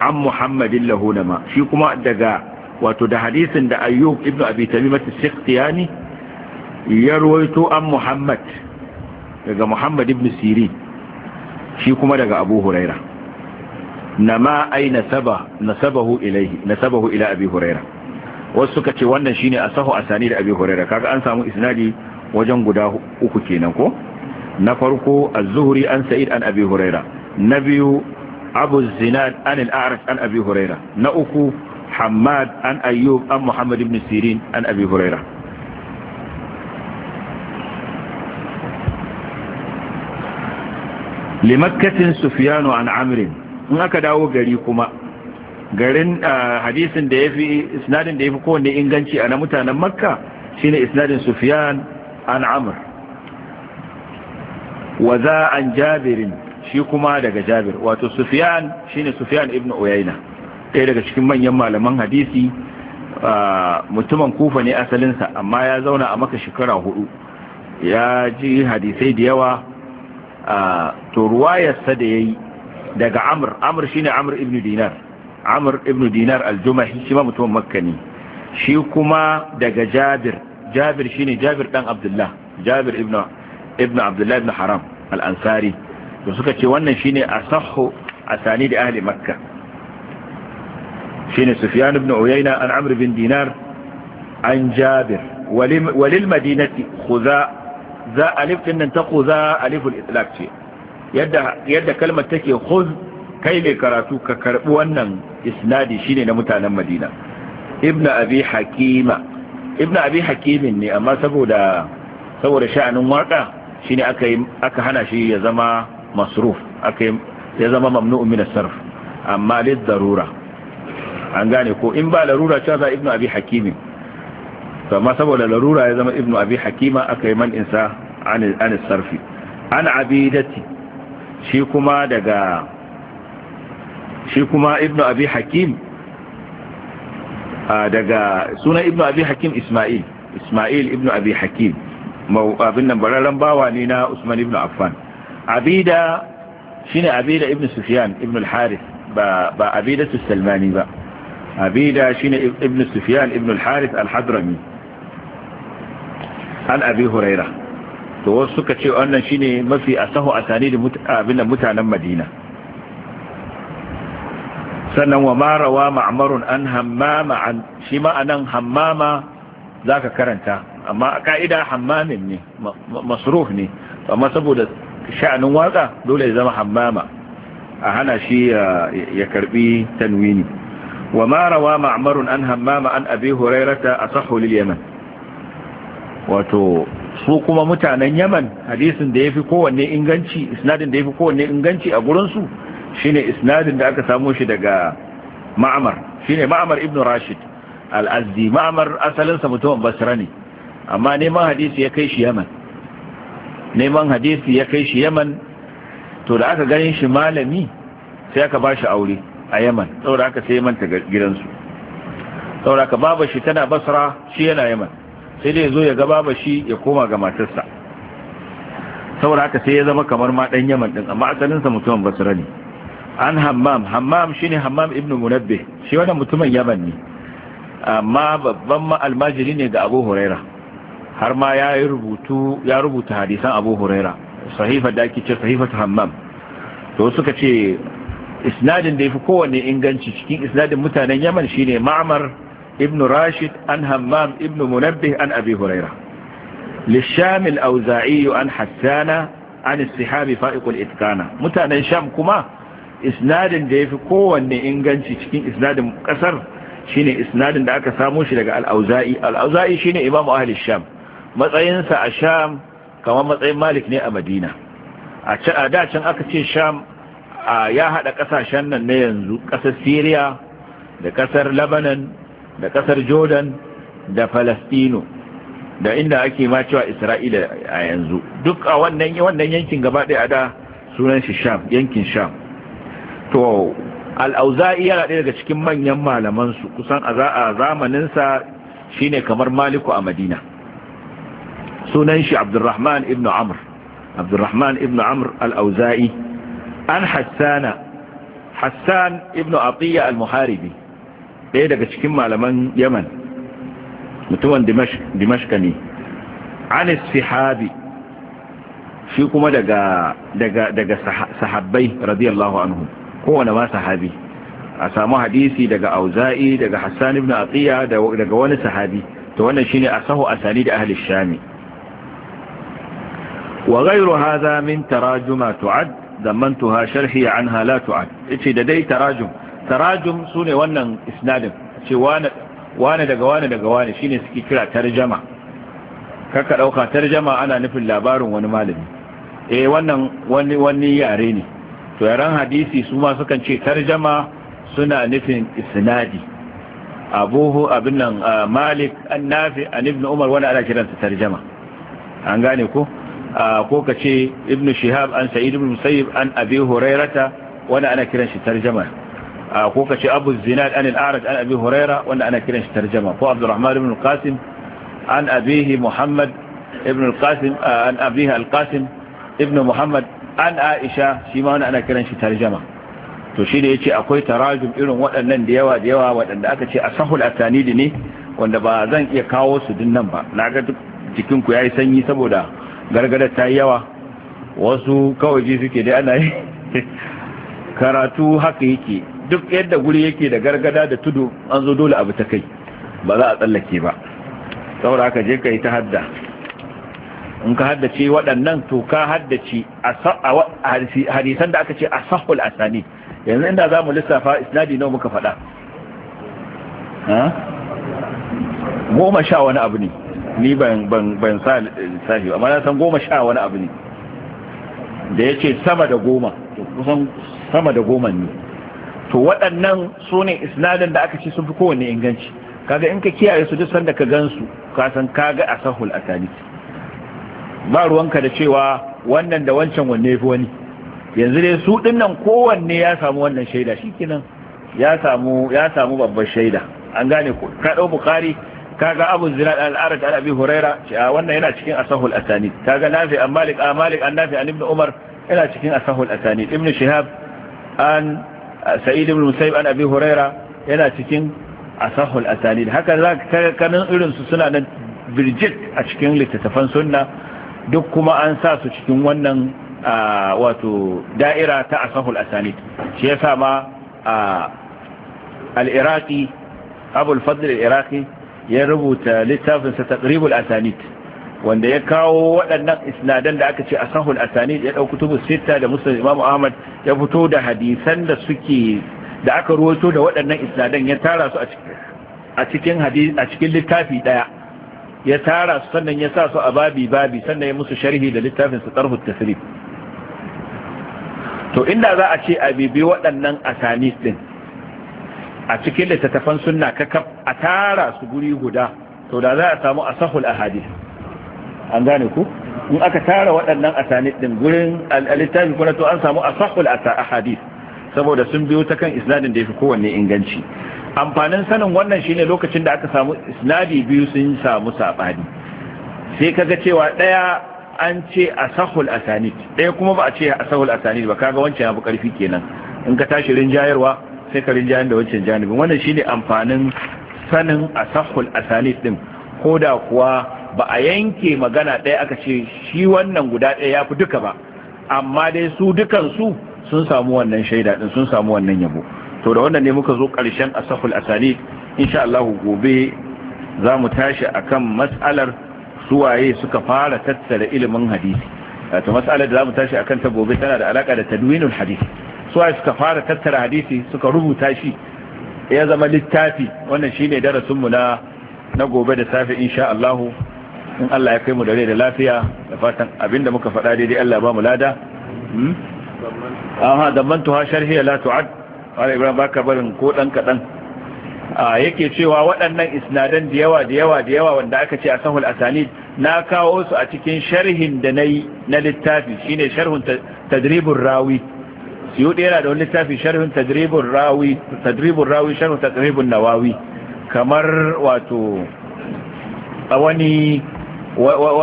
an muhammadin lahunama shi kuma daga wato da hadisin da ayyub ibn abi mata as-sikhtiyani ya ruwaito an muhammad daga muhammad ibn sirin shi kuma daga abu huraira nama ai nasabahu ilaihi nasabahu ila abi huraira wasu suka ce wannan shine a asahu asani da abi hurairah kaga an samu isnadi wajen guda uku kenan ko na farko az-zuhri an sa'id an abi hurairah na biyu abu zinad an al araf an abi hurairah na uku hammad an ayyub an muhammad ibn sirin an abi hurairah limakkatin sufyanu an amrin in aka dawo gari kuma garin hadisin da yafi isnadin da yafi kowanne inganci a na mutanen makka shine isnadin sufyan an amr wa za an jabirin shi kuma daga jabir wato sufyan shine sufyan ibn uyayna ɗaya daga cikin manyan malaman hadisi mutumin kufa ne asalinsa amma ya zauna a maka shekara hudu ya ji hadisai da yawa to ruwayarsa da ya yi daga amr amr shine amr ibn dinar amr ibn dinar al shi ma mutumin makka ne shi kuma daga jabir jabir shi ne jabir dan abdullah jabir ibn ibn abdullah ibn haram al-ansari to suka ce wannan shi shine asahhu asani da ahli makka ne sufyan ibn uyayna an amr bin dinar an jabir walil madinati khuza za alif din nan ta khuza alif al-itlaq ce yadda yadda kalmar take khuz kai mai karatu ka karbi wannan isnadi shine na mutanen madina ibn abi hakima ibn abi hakimin ne amma saboda saboda sha'anin waka shine aka aka hana shi ya zama masruf aka ya zama mamnu'un min as-sarf amma lid darura an gane ko in ba larura cewa za ibn abi hakimin amma saboda larura ya zama ibn abi hakima aka yi man insa an an sarfi an abidati shi kuma daga shi kuma ibn abi hakim daga sunan ibn abi hakim ismail ismail ibn abi hakim abin nan bararren bawa ne na usman ibn affan abida shine abida ibn sufyan ibn al-harith ba ba abida salmani ba abida shine ibn sufyan ibn al-harith al-hadrami an abi huraira to wasu suka ce wannan shine mafi asahu asani da abin mutanen madina sannan wa marawa ma'amarun an hammama an shi ma'anan hammama za ka karanta amma a ka'ida hammamin ne masruf ne amma saboda sha'anin waka dole zama hammama a hana shi ya karbi tanwini wa marawa ma'amarun an hammama an abi hurairata a sahulil yaman wato su kuma mutanen yaman hadisin da ya fi kowanne inganci isnadin da ya fi kowanne inganci a gurinsu shine isnadin da aka samu shi daga ma'amar shine ma'amar ibn rashid al-azdi ma'amar asalinsa mutumin basra ne amma neman hadisi ya kai shi yaman neman hadisi ya kai shi yaman to da aka ganin shi malami sai aka ba shi aure a yaman saboda aka sai yaman ta gidansu saboda ka baba shi tana basra shi yana yaman sai dai zo ya ga baba shi ya koma ga matarsa saboda aka sai ya zama kamar ma dan yaman din amma asalinsa mutumin basra ne an hammam hammam shine hammam ibn munabbih shi wannan mutumin yaman ne amma babban almajiri ne ga abu huraira har ma ya rubutu ya rubuta hadisan abu huraira sahifa da ake ce sahifatu hammam to suka ce isnadin da yafi kowanne inganci cikin isnadin mutanen yaman shine ma'mar ibn rashid an hammam ibn munabbih an abi huraira للشام الأوزاعي عن حسانة عن السحاب فائق الإتقانة متى نشام كما isnadin da ya fi kowanne inganci cikin isnadin kasar shine isnadin da aka samo shi daga al'auza'i al'auza'i shine imamu ahli sham matsayinsa a sham kamar matsayin malik ne a madina a da can aka ce sham ya haɗa ƙasashen nan na yanzu kasar syria da kasar lebanon da ƙasar jordan da palestino da inda ake ma cewa isra'ila a yanzu duk a wannan yankin gaba ɗaya da sunan shi sham yankin sham to al'auza'i yana ɗaya daga cikin manyan malamansu kusan a zamaninsa shi ne kamar maliku a madina sunan shi abdurrahman ibn amr abdurrahman ibn amr al'auza'i an hassana hassan ibnu atiyya al-muharibi ɗaya daga cikin malaman yaman mutumin dimashka ne an sihabi shi kuma daga sahabbai radiyallahu anhu kowane ma sahabi a samu hadisi daga auza'i daga hassan ibn atiya daga wani sahabi to wannan shine asahu asani da ahli shami wa ghayru hadha min tarajuma tu'ad damantuha sharhi anha la tu'ad yace da dai tarajum tarajum sune wannan isnadin ce wani wani daga wani daga wani shine suke kira tarjuma kaka dauka tarjuma ana nufin labarin wani malami eh wannan wani wani yare ne to hadisi su ma sukan ce tarjama suna nufin isnadi abuhu abin nan malik annafi an ibn umar wani ana kiransa tarjama an gane ko ko ka ce ibn shihab an sa'id ibn musayyib an abi hurairata wani ana kiran shi tarjama ko ka ce abu zinad an al-arad an abi huraira wani ana kiran shi tarjama ko abdurrahman ibn qasim an abihi muhammad ibn al-qasim an abihi al-qasim ibn muhammad an aisha shi ma wani ana kiran shi tarjama to shi da yace akwai tarajum irin waɗannan da yawa da yawa waɗanda aka ce a asahul atanidi ne wanda ba zan iya kawo su din nan ba na ga duk jikin ku yayi sanyi saboda gargada ta yawa wasu kawai suke dai ana yi karatu haka yake duk yadda guri yake da gargada da tudu an zo dole abu ta kai ba za a tsallake ba saboda aka je ka yi ta hadda in ka haddace waɗannan to ka haddace hadisan da aka ce a sahul asani yanzu inda za mu lissafa isnadi nawa muka faɗa goma sha wani abu ne ni ban sa lissafi amma na san goma sha wani abu ne da ya ce sama da goma to kusan sama da goma ne to waɗannan su ne isnadin da aka ce sun fi kowane inganci kaga in ka kiyaye su duk sanda ka gansu su kasan kaga a sahul asani ba ruwanka da cewa wannan da wancan wanne fi wani yanzu dai su dinnan kowanne ya samu wannan shaida shikenan ya samu ya samu babbar shaida an gane ko ka dau bukhari kaga abu zinad al-arad al abi huraira wannan yana cikin asahul asani kaga nafi an malik A malik an nafi an ibn umar yana cikin asahul asani ibn shihab an sa'id ibn musayib an abi huraira yana cikin asahul asani haka zaka kanin irin su suna nan birjit a cikin littattafan sunna duk kuma an sa su cikin wannan wato da'ira ta asahul asanid shi yasa ma al-iraqi abul fadl al-iraqi ya rubuta littafinsa sa taqribul asanid wanda ya kawo waɗannan isnadan da aka ce asahul asanid ya dauki tubu sita da muslim imam ahmad ya fito da hadisan da suke da aka ruwato da waɗannan isnadan ya tara su a cikin a cikin hadisi a cikin littafi daya ya tara su sannan ya sa su a babi babi sannan ya musu sharhi da littafin su tarhu tasrif to inda za a ce a bibi waɗannan asanis din a cikin littattafan sunna kakaf a tara su guri guda to da za a samu asahul ahadith an gane ku in aka tara waɗannan asanis din gurin al-littafin kuma to an samu asahul ahadith saboda sun biyo ta kan isnadin da ya fi kowanne inganci amfanin sanin wannan shine lokacin da aka samu isnadi biyu sun samu sabani sai kaga cewa daya an ce asahul asanid daya kuma ba a ce asahul asanid ba kaga wancan abu karfi kenan in ka tashi rinjayarwa sai ka rinjayar da wancan janibin wannan shine amfanin sanin asahul asanid din da kuwa ba a yanke magana daya aka ce shi wannan guda daya yafi duka ba amma dai su dukansu sun samu wannan shaida din sun samu wannan yabo to da wannan ne muka zo ƙarshen asaful asani insha Allah gobe za mu tashi akan matsalar suwaye suka fara tattara ilimin hadisi to matsalar da za mu tashi akan ta gobe tana da alaka da tadwinul hadisi suwaye suka fara tattara hadisi suka rubuta shi ya zama littafi wannan shine darasin mu na na gobe da safe insha Allah in Allah ya kai mu da rai da lafiya da fatan abinda muka faɗa daidai Allah ba mu lada hmm? aha damantuha sharhiya la tu'ad wani ibrahim ka barin ko dan kaɗan yake cewa waɗannan isnadan da yawa da yawa da yawa wanda aka ce a sahul asanid na kawo su a cikin sharhin da na yi na littafi shine sharhun tadribun rawi siyu ɗera da wani littafi sharhun tadribun rawi tadribun rawi sharhun tadribun nawawi kamar wato a wani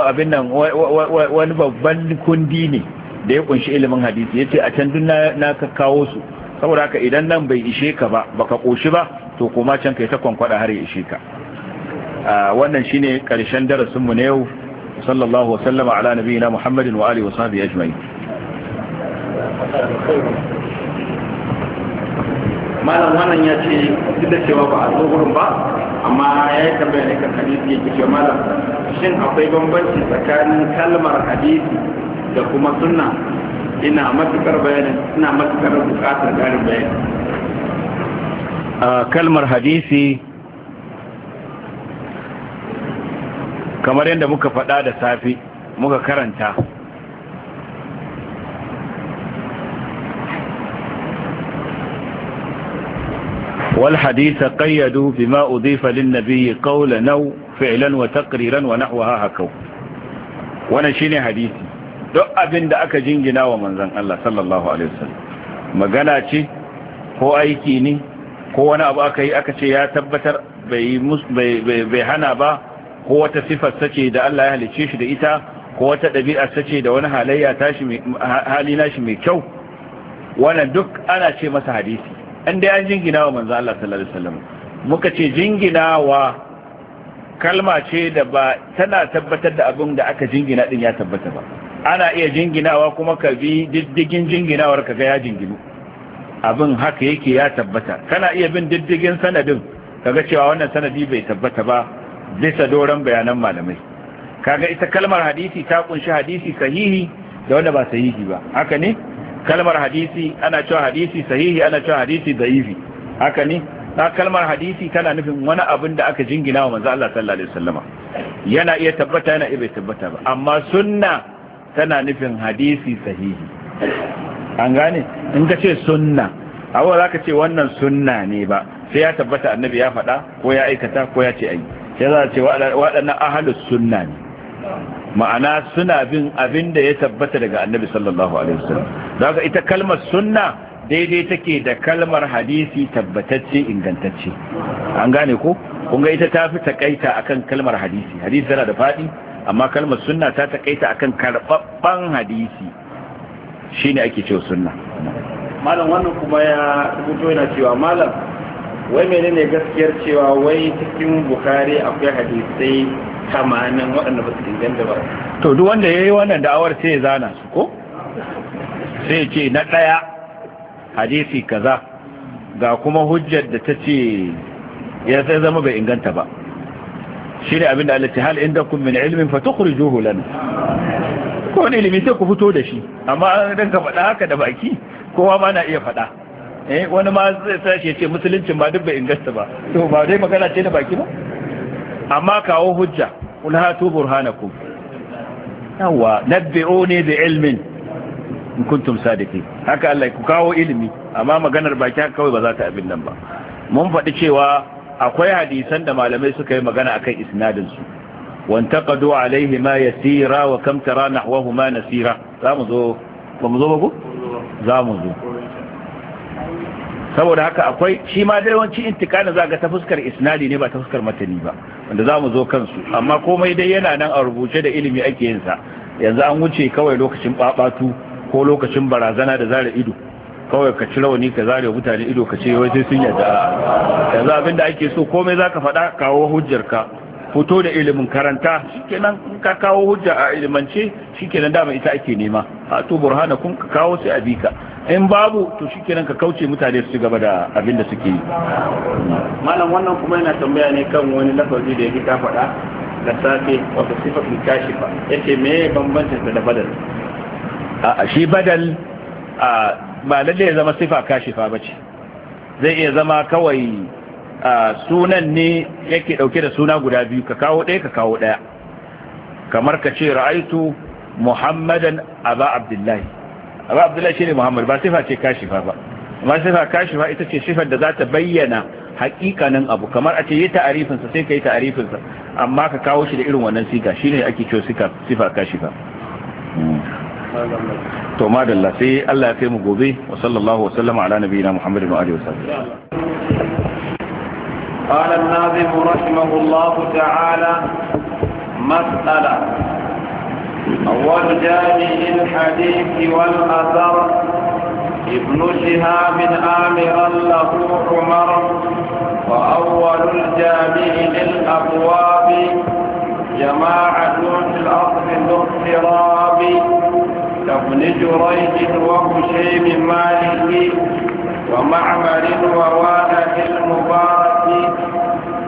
abin nan wani babban kundi ne da ya kunshi ilimin hadisi ya ce a can dun na kawo su saboda haka idan nan bai ishe ka ba baka koshi ba to kuma can kai ta kwankwada har ya ishe ka wannan shine karshen darasin mu na yau sallallahu wasallama ala nabiyina muhammadin wa alihi wa sahbihi ajma'in malam wannan ya ce duk da cewa ba a zo gurin ba amma ya yi tambaya ne kan hadisi ya ce malam shin akwai bambanci tsakanin kalmar hadisi da kuma sunna ina matukar bayanin ina matukar bukatar ƙarin kalmar hadisi kamar yadda muka faɗa da safi muka karanta والحديث قيدوا بما أضيف للنبي قولا أو فعلا وتقريرا ونحوها هكو وانا شيني حديثي duk abin da aka jingina wa manzan Allah sallallahu alaihi wasallam magana ce ko aiki ne ko wani abu aka yi aka ce ya tabbatar bai hana ba ko wata sifar sace da Allah ya halicce shi da ita ko wata ɗabi'a sace da wani halayya tashi hali nashi mai kyau wannan duk ana ce masa hadisi an dai an jingina wa manzan Allah sallallahu alaihi wasallam muka ce jingina wa kalma ce da ba tana tabbatar da abin da aka jingina din ya tabbata ba ana iya jinginawa kuma ka bi diddigin jinginawar ka ya jinginu abin haka yake ya tabbata kana iya bin diddigin sanadin kaga cewa wannan sanadi bai tabbata ba bisa doron bayanan malamai kaga ita kalmar hadisi ta kunshi hadisi sahihi da wanda ba sahihi ba haka ne kalmar hadisi ana cewa hadisi sahihi ana cewa hadisi da'ifi haka ne na kalmar hadisi tana nufin wani abin da aka jinginawa wa manzo Allah sallallahu alaihi wasallama yana iya tabbata yana iya bai tabbata ba amma sunna tana nufin hadisi sahihi an gane in ka ce sunna abuwa za ka ce wannan sunna ne ba sai ya tabbata annabi ya faɗa ko ya aikata ko ya ce ai sai za ce waɗannan ahalus sunna ne ma'ana suna bin abin da ya tabbata daga annabi sallallahu alaihi wasallam za ka ita kalmar sunna daidai take da kalmar hadisi tabbatacce ingantacce an gane ko Kun ga ita ta fi takaita akan kalmar hadisi hadisi tana da faɗi amma kalmar sunna ta takaita akan karbabban hadisi shine ake cewa sunna malam wannan kuma ya rubuto yana cewa malam wai menene gaskiyar cewa wai cikin bukari akwai hadisai kamanin waɗanda ba su inganta ba to duk wanda ya yi wannan da'awar sai ya zana su ko sai ce na ɗaya hadisi kaza ga kuma hujjar da ta ce ya sai zama bai inganta ba shine abin da Allah ya ce inda kun min ilmin fatukhrijuhu lana ko ne ilimi sai ku fito da shi amma dan ka faɗa haka da baki kowa ma na iya faɗa eh wani ma zai sace ce musuluncin ba duk bai ingasta ba to ba dai magana ce da baki ba amma kawo hujja kul hatu burhanakum yawa nabbi'uni bi ilmin in kuntum sadiqin haka Allah ku kawo ilimi amma maganar baki haka kawai ba za ta abin nan ba mun faɗi cewa akwai hadisan da malamai suka yi magana akan isnadin su wantaqadu alaihi ma yasira wa kam tara nahwahu ma nasira zamu zo bamu zo zamu zo saboda haka akwai shi ma dai wanci intikalin za ta fuskar isnadi ne ba ta fuskar matani ba wanda za zo kansu amma komai dai yana nan a rubuce da ilimi ake yinsa yanzu an wuce kawai lokacin babatu ko lokacin barazana da zara ido kawai ka ci rauni ka zare mutane ido ka ce wai sai sun yadda yanzu abin da ake so komai za ka faɗa kawo hujjarka fito da ilimin karanta shikenan in ka kawo hujja a ilimance shikenan dama ita ake nema a to burhana kun ka kawo sai a bika in babu to shikenan ka kauce mutane su gaba da abin da suke yi malam wannan kuma yana tambaya ne kan wani lafazi da yake ka faɗa da safe wata kashi ba yace me bambancin da badal a shi badal a ba lalle ya zama sifa kashifa ce zai iya zama kawai sunan ne yake dauke da suna guda biyu ka kawo ɗaya ka kawo ɗaya kamar ka ce ra'aitu muhammadan abu abdullahi abu abdullahi shi ne muhammad ba sifa ce kashifa ba amma sifa kashifa ita ce sifar da za ta bayyana hakikanin abu kamar a ce yi ta'arifinsa sai ka yi ta'arifinsa amma ka kawo shi da irin wannan siga shine ake cewa sifa kashifa to madalla sai Allah ya kai mu gobe wa sallallahu wa sallama ala nabiyina Muhammadin wa alihi قال الناظم رحمه الله تعالى مسألة والجامع الحديث والأثر ابن شهاب آمرا له عمر وأول الجامع للأبواب جماعة في الأصل الاضطراب كابن جريج وهشيم مالك ومعمر ووالد المبارك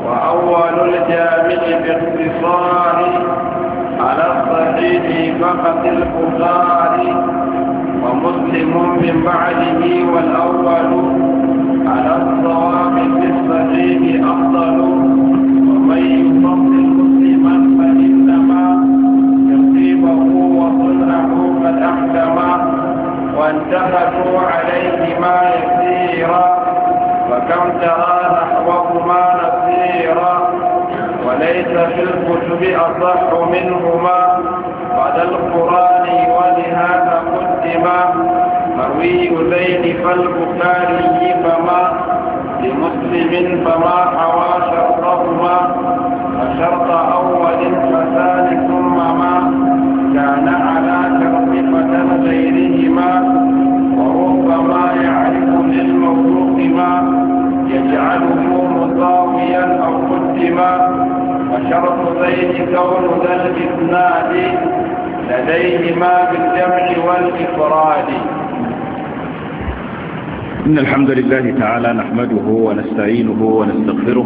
وأول الجامع باختصار على الصحيح فقط البخاري ومسلم من بعده والأول على الصواب في الصحيح أفضل قد أحكما وانتخذوا عليهما يسيرا وكم ترى نحوهما نصيرا وليس في الكتب أصح منهما بعد القرآن ولهذا قدما مروي زين فالبخاري فما لمسلم فما حوى شرطهما فشرط أول فسال ثم ما كان على غيرهما وربما يعرف للمخلوق ما يجعله مساويا أو قدما وشرط زيد كون ذا الاثنان لديهما بالجمع والإفراد إن الحمد لله تعالى نحمده ونستعينه ونستغفره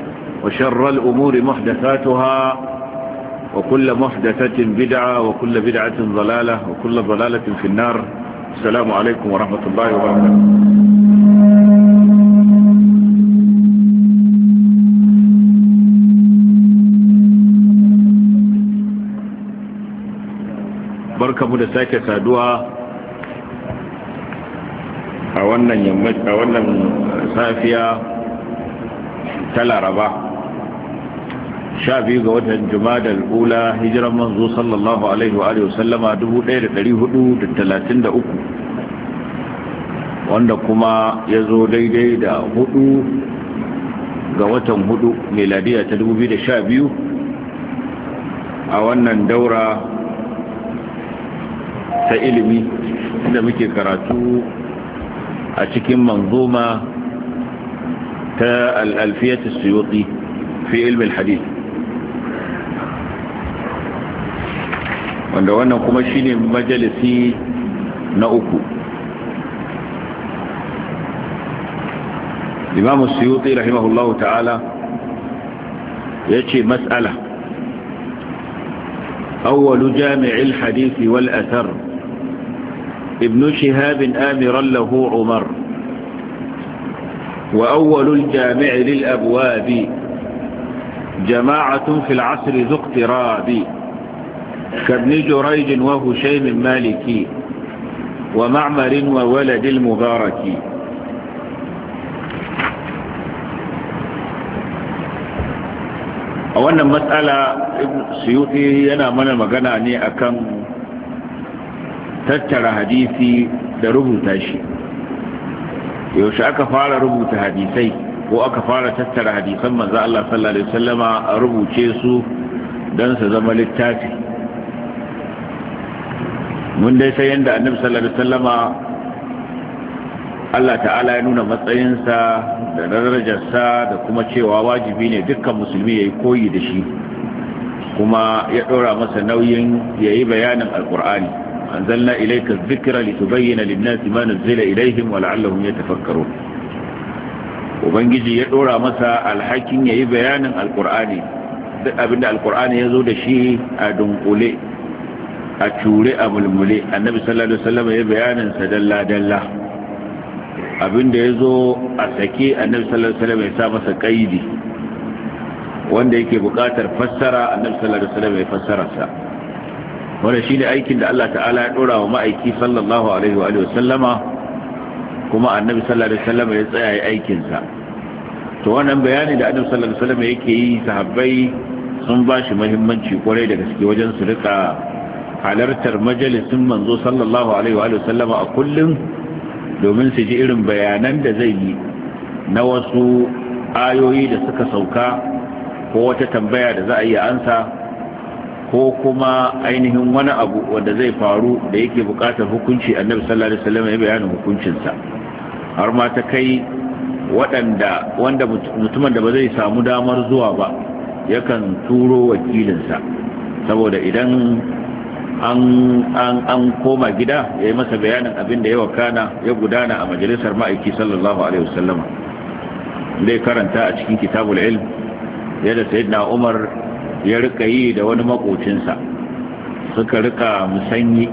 وشر الأمور محدثاتها وكل محدثة بدعة وكل بدعة ضلالة وكل ضلالة في النار السلام عليكم ورحمة الله وبركاته barkamu da sake saduwa a wannan safiya ta laraba sha biyu ga watan jumadal ula hijiran manzo sallallahu alaihi wa alihi wasallama 1433 wanda kuma ya zo daidai da hudu ga watan hudu meladiya ta 2012 a wannan daura ta ilimi inda muke karatu a cikin manzoma ta al'alfiyar suyoti fi ilmin hadith wanda wannan kuma shine majalisi na uku imamu suyuti rahimahullahu ta'ala ya ce matsala awwalu jami'il hadisi wal athar ibn shihab amiran lahu umar وأول الجامع للأبواب جماعة في العصر ذو اقتراب كابن جريج وهشيم مالكي ومعمر وولد المبارك a wannan matsala suyuti yana mana magana ne akan tattara hadisi da rubuta shi yaushe aka fara rubuta hadisai ko aka fara tattara hadisan manzo Allah sallallahu alaihi wasallama a rubuce su don su zama littafi mun dai sai yadda annabi sallallahu alaihi wasallama Allah ta'ala ya nuna matsayinsa da darajarsa da kuma cewa wajibi ne dukkan musulmi ya yi koyi da shi kuma ya ɗora masa nauyin ya yi bayanin alƙur'ani an zalna ilaika zikira litubayyana linnasi ma nuzila ilaihim wa la'allahum yatafakkarun ubangiji ya ɗora masa alhakin ya yi bayanin al'kur'ani duk abinda alƙur'ani ya zo da shi a dunkule a ture a mulmule annabi sallallahu alaihi wasallam ya bayanin sa dalla dalla abinda zo a sake annabi sallallahu alaihi ya sa masa kaidi wanda yake bukatar fassara annabi sallallahu alaihi wasallam ya fassara sa wanda ne aikin da Allah ta'ala ya dora wa ma'aiki sallallahu alaihi wa alihi kuma annabi sallallahu alaihi ya tsaya ya aikin sa to wannan bayani da annabi sallallahu alaihi wasallam yake yi sahabbai sun ba shi muhimmanci kwarai da gaske wajen su rika halartar majalisin manzo sallallahu alaihi a kullum domin su ji irin bayanan da zai yi na wasu ayoyi da suka sauka ko wata tambaya da za a yi ansa ko kuma ainihin wani abu wanda zai faru da yake bukatar hukunci annabi sallallahu alaihi wasallam ya bayyana hukuncinsa har ma ta kai waɗanda wanda mutumin da ba zai samu damar zuwa ba yakan turo wakilinsa saboda idan an koma gida ya yi masa bayanin abin da ya wakana ya gudana a majalisar ma'aiki sallallahu alaihi wasallam zai karanta a cikin kitabul ilm yadda sayyidina umar ya rika yi da wani makocinsa suka rika musanyi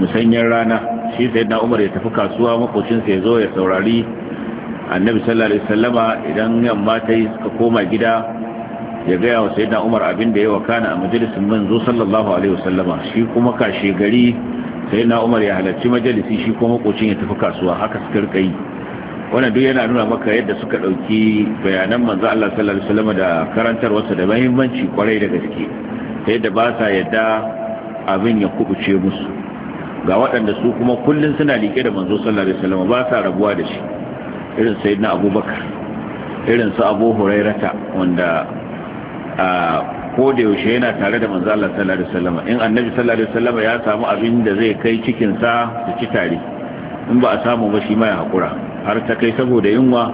musanyen rana shi sayyidina umar ya tafi kasuwa makocinsa ya zo ya saurari annabi sallallahu alaihi wasallama idan yamma ta yi suka koma gida ya gaya wa sayyidina Umar abin da ya wakana a majalisin manzo sallallahu alaihi wasallama shi kuma kashe gari sayyidina Umar ya halarci majalisi shi kuma makocin ya tafi kasuwa haka suka rikai wannan duk yana nuna maka yadda suka dauki bayanan manzo Allah sallallahu alaihi wasallama da karantarwarsa da muhimmanci kwarai da gaske ta yadda ba sa yadda abin ya kubuce musu ga waɗanda su kuma kullun suna liƙe da manzo sallallahu alaihi wasallama ba sa rabuwa da shi irin sayyidina Abubakar irin su Abu Hurairata wanda ko da yaushe yana tare da manzo Allah sallallahu alaihi wasallam in annabi sallallahu alaihi wasallam ya samu abin da zai kai cikin sa su ci tare in ba a samu ba shi ma ya hakura har ta kai saboda yunwa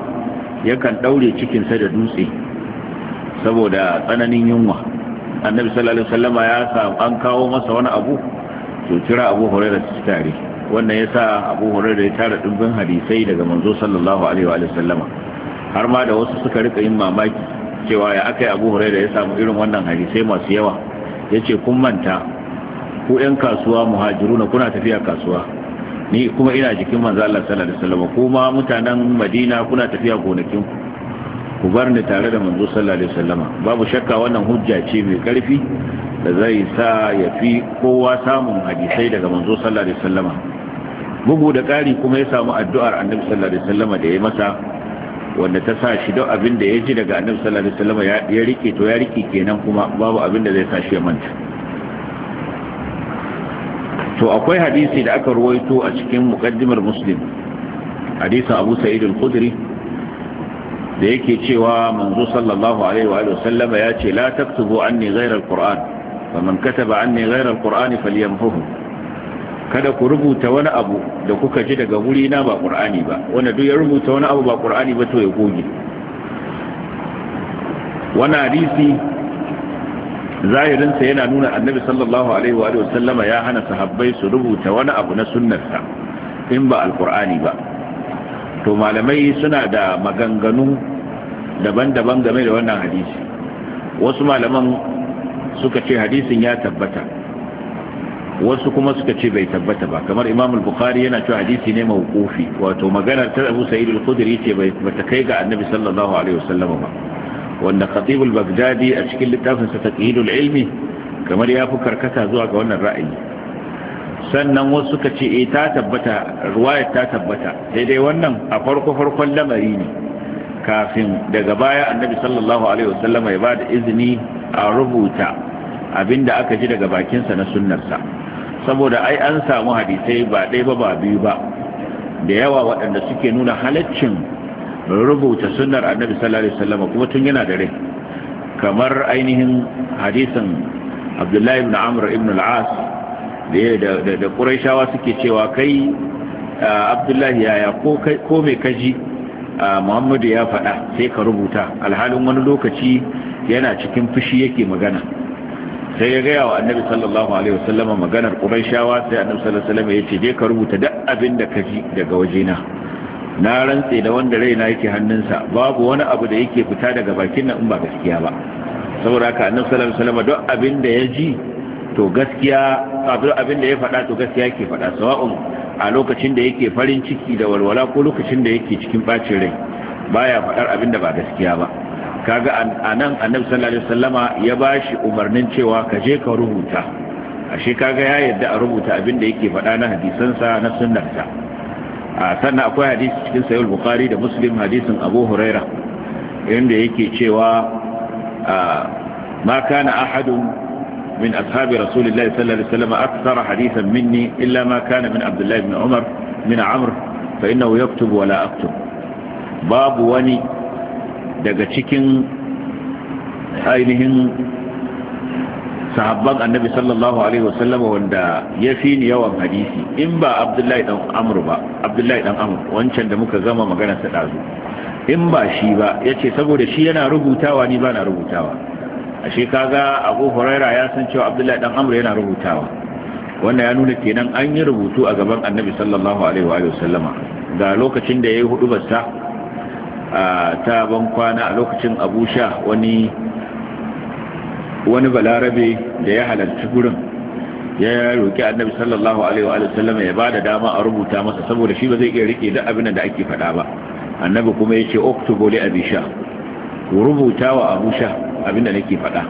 yakan daure cikin sa da dutse saboda tsananin yunwa annabi sallallahu alaihi wasallam ya samu an kawo masa wani abu to tira Abu Hurairah su ci tare wannan yasa Abu da ya tara dimbin hadisai daga manzo sallallahu alaihi wa har ma da wasu suka rika yin mamaki cewa ya aka yi abu da ya samu irin wannan hadisai masu yawa ya ce kun manta ku 'yan kasuwa na kuna tafiya kasuwa ni kuma ina jikin manzo Allah sallallahu alaihi wasallam kuma mutanen Madina kuna tafiya gonakin ku bar ni tare da manzo sallallahu alaihi wasallam babu shakka wannan hujja ce mai karfi da zai sa ya fi kowa samun hadisai daga manzo sallallahu alaihi wasallam bugu da ƙari kuma ya samu addu'ar annabi sallallahu alaihi wasallam da ya masa wanda ta sa shi don abin da ya ji daga annabi sallallahu alaihi ya rike to ya rike kenan kuma babu abin da zai sa shi ya manta to akwai hadisi da aka ruwaito a cikin mukaddimar muslim hadisin abu sa'id al da yake cewa manzo sallallahu alaihi wa sallama ya ce la taktubu anni ghayra al-qur'an faman kataba anni zairar qurani falyamhuhu kada ku rubuta wani abu da kuka ji daga wuri na ba qur'ani ba wanda duk ya rubuta wani abu ba qur'ani ba to ya goge wani hadisi zahirinsa yana nuna annabi sallallahu alaihi wa sallama ya hana sahabbai su rubuta wani abu na sunnarsa in ba alqur'ani ba to malamai suna da maganganu daban-daban game da wannan hadisi wasu malaman suka ce hadisin ya tabbata wasu kuma suka ce bai tabbata ba kamar imam al-bukhari yana cewa hadisi ne mawqufi wato magana ta Abu Sa'id al-Khudri ce bai bata kai ga annabi sallallahu alaihi wasallam ba wanda khatib al-Baghdadi a cikin littafin sa taqhidul ilmi kamar ya fi karkata zuwa ga wannan ra'ayi sannan wasu suka ce eh ta tabbata riwaya ta tabbata daidai wannan a farko farkon lamari ne kafin daga baya annabi sallallahu alaihi wasallam ya bada izini a rubuta abinda aka ji daga bakinsa na sunnarsa saboda ai an samu hadisai ba ɗai ba ba biyu ba da yawa waɗanda suke nuna halaccin rubuta sunnar annabi sallallahu alaihi wasallam kuma tun yana da rai kamar ainihin hadisin abdullahi ibn amr ibn al-as da da quraishawa suke cewa kai abdullahi yaya ko mai ko me kaji muhammadu ya faɗa sai ka rubuta alhalin wani lokaci yana cikin fushi yake magana sai ya gaya wa annabi sallallahu alaihi wasallama maganar quraishawa sai annabi sallallahu alaihi wasallama yace je ka rubuta duk abin da ka ji daga wajena na rantse da wanda raina yake hannunsa babu wani abu da yake fita daga bakin nan in ba gaskiya ba saboda haka annabi sallallahu alaihi wasallama duk abin da ya ji to gaskiya abin da ya faɗa to gaskiya yake faɗa sawa'un a lokacin da yake farin ciki da walwala ko lokacin da yake cikin bacin rai baya faɗar abin da ba gaskiya ba kaga anan annabi sallallahu alaihi wasallama ya bashi umarnin cewa ka je ka rubuta ashe kaga ya yadda a rubuta abin da yake faɗa na hadisansa na sunnarsa a sannan akwai hadisi cikin sahih bukhari da muslim hadisin abu huraira inda yake cewa ma kana ahadun min ashabi rasulillahi sallallahu alaihi wasallam akthar hadisan minni illa ma kana min abdullahi ibn umar min amr fa innahu yaktubu wa la aktub babu wani daga cikin ainihin sahabban annabi sallallahu alaihi wasallama wanda ya fi ni yawan hadisi in ba abdullahi dan amr ba abdullahi dan amr wancan da muka gama magana sa dazu in ba shi ba yace saboda shi yana rubutawa ni ba na rubutawa ashe kaga abu huraira ya san cewa abdullahi dan amr yana rubutawa wannan ya nuna kenan an yi rubutu a gaban annabi sallallahu alaihi wasallama ga lokacin da yayi hudu basta ta ban kwana a lokacin abu sha wani wani balarabe da ya halarci gurin ya roƙi annabi sallallahu alaihi wa sallam ya bada dama a rubuta masa saboda shi ba zai iya rike duk abin da ake faɗa ba annabi kuma yace uktubu li abi sha rubuta wa abu sha abin da nake faɗa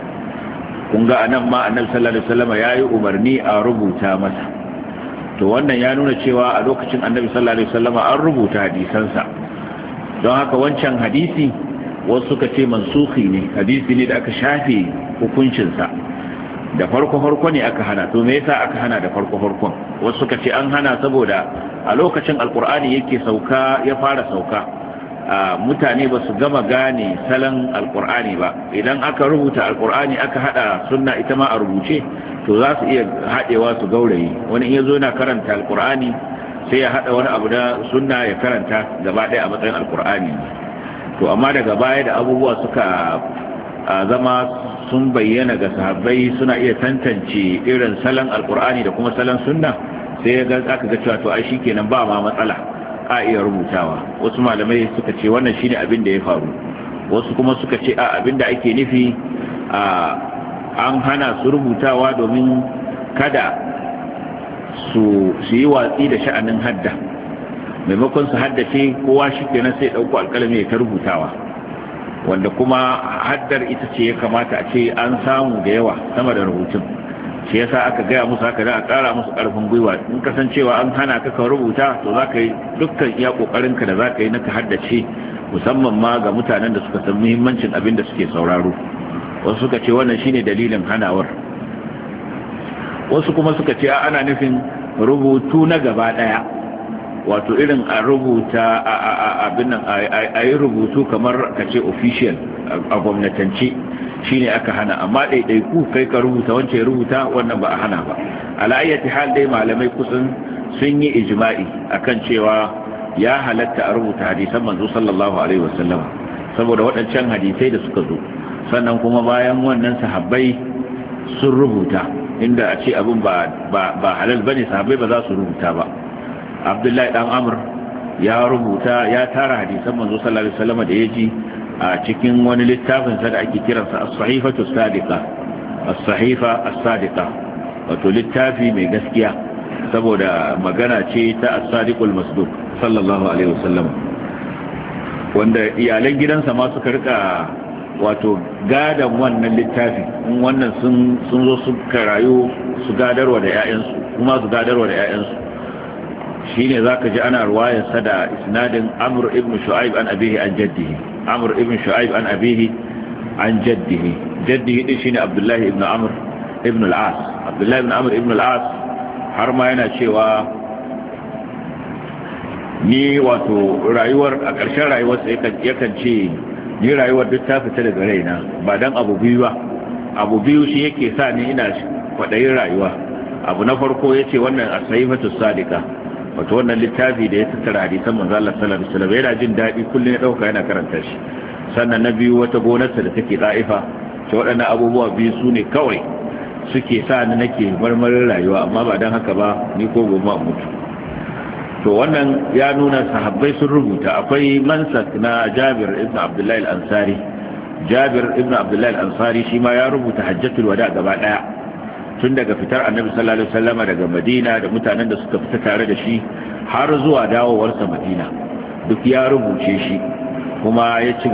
kun ga anan ma annabi sallallahu alaihi wa sallam yayi umarni a rubuta masa to wannan ya nuna cewa a lokacin annabi sallallahu alaihi wa sallam an rubuta hadisansa don haka wancan hadisi wasu suka ce mansuhi ne hadisi ne da aka shafe hukuncinsa da farko-farko ne aka hana to me yasa aka hana da farko farko wasu suka ce an hana saboda a lokacin alkur'ani yake sauka ya fara sauka mutane ba su gama gane salon alkur'ani ba idan aka rubuta alkur'ani aka hada sunna ita ma a rubuce to za su iya haɗewa su gaurayi wani in ya zo na karanta alkur'ani sai ya hada wani abu da sunna ya karanta gaba daya a matsayin alkur'ani to amma daga baya da abubuwa suka zama sun bayyana ga sahabbai suna iya tantance irin salon alkur'ani da kuma salon sunna sai ya ga aka gacewa cewa to ai shikenan ba ma matsala a iya rubutawa wasu malamai suka ce wannan shine abin da ya faru wasu kuma suka ce a abin da ake nufi an hana su rubutawa domin kada su yi watsi da sha'anin hadda maimakon su haddace kowa shi ke nan sai ɗauko alƙalami ya ta rubutawa wanda kuma haddar ita ce ya kamata a ce an samu da yawa sama da rubutun shi yasa aka gaya musu haka da a kara musu karfin gwiwa in kasancewa an hana ka ka rubuta to za ka yi dukkan iya ƙoƙarinka da za ka yi na ka haddace musamman ma ga mutanen da suka san muhimmancin abin da suke sauraro wasu suka ce wannan shine dalilin hanawar wasu kuma suka ce ana nufin rubutu na gaba daya wato irin a rubuta abin a yi rubutu kamar ka ce official a gwamnatance shine aka hana amma ɗaiɗaiku kai ka rubuta wance rubuta wannan ba a hana ba ala'ayyati hal dai malamai kusan sun yi ijma'i akan cewa ya halatta a rubuta hadisan manzo sallallahu alaihi wasallam saboda waɗancan hadisai da suka zo sannan kuma bayan wannan sahabbai sun rubuta inda a ce abin ba halal bane sahabai ba za su rubuta ba abdullahi dan amur ya rubuta ya tara hadisan manzo sallallahu alaihi wasallam da yaji a cikin wani littafin sa da ake kiransa as-sahifatu sadiqa as-sahifa as-sadiqa wato littafi mai gaskiya saboda magana ce ta as-sadiqul masduq sallallahu alaihi wasallam wanda iyalan gidansa ma suka rika wato gadan wannan littafi in wannan sun zo su karayu su gadarwa da 'ya'yansu kuma su gadarwa da 'ya'yansu shi ne za ka ji ana ruwayensa da isnadin amur ibn shu'aib an abihi an jaddihi amur ibn shu'aib an abihi an jaddihi jaddihi din shi ne abdullahi ibn amr ibn al-as abdullahi ibn amr ibn al-as har ma yana cewa ni wato rayuwar a ƙarshen rayuwarsa yakan ce ni rayuwar duk ta fita daga raina ba dan abu biyu ba abu biyu shi yake sa ni ina kwaɗayin rayuwa abu na farko yace wannan as-sayyifatu sadika wato wannan littafi da ya tattara hadisan manzo Allah sallallahu alaihi wasallam yana jin daɗi kullun ya dauka yana karanta shi sannan na biyu wata gonarsa da take da'ifa ta waɗannan abubuwa biyu su ne kawai suke sa ni nake marmarin rayuwa amma ba dan haka ba ni ko goma mutu to wannan ya nuna sahabbai sun rubuta akwai mansak na jabir ibn abdullahi al-ansari jabir ibn abdullahi al-ansari shi ma ya rubuta hajjatul wada gaba daya tun daga fitar annabi sallallahu alaihi wasallama daga madina da mutanen da suka fita tare da shi har zuwa dawowarsa madina duk ya rubuce shi kuma ya ci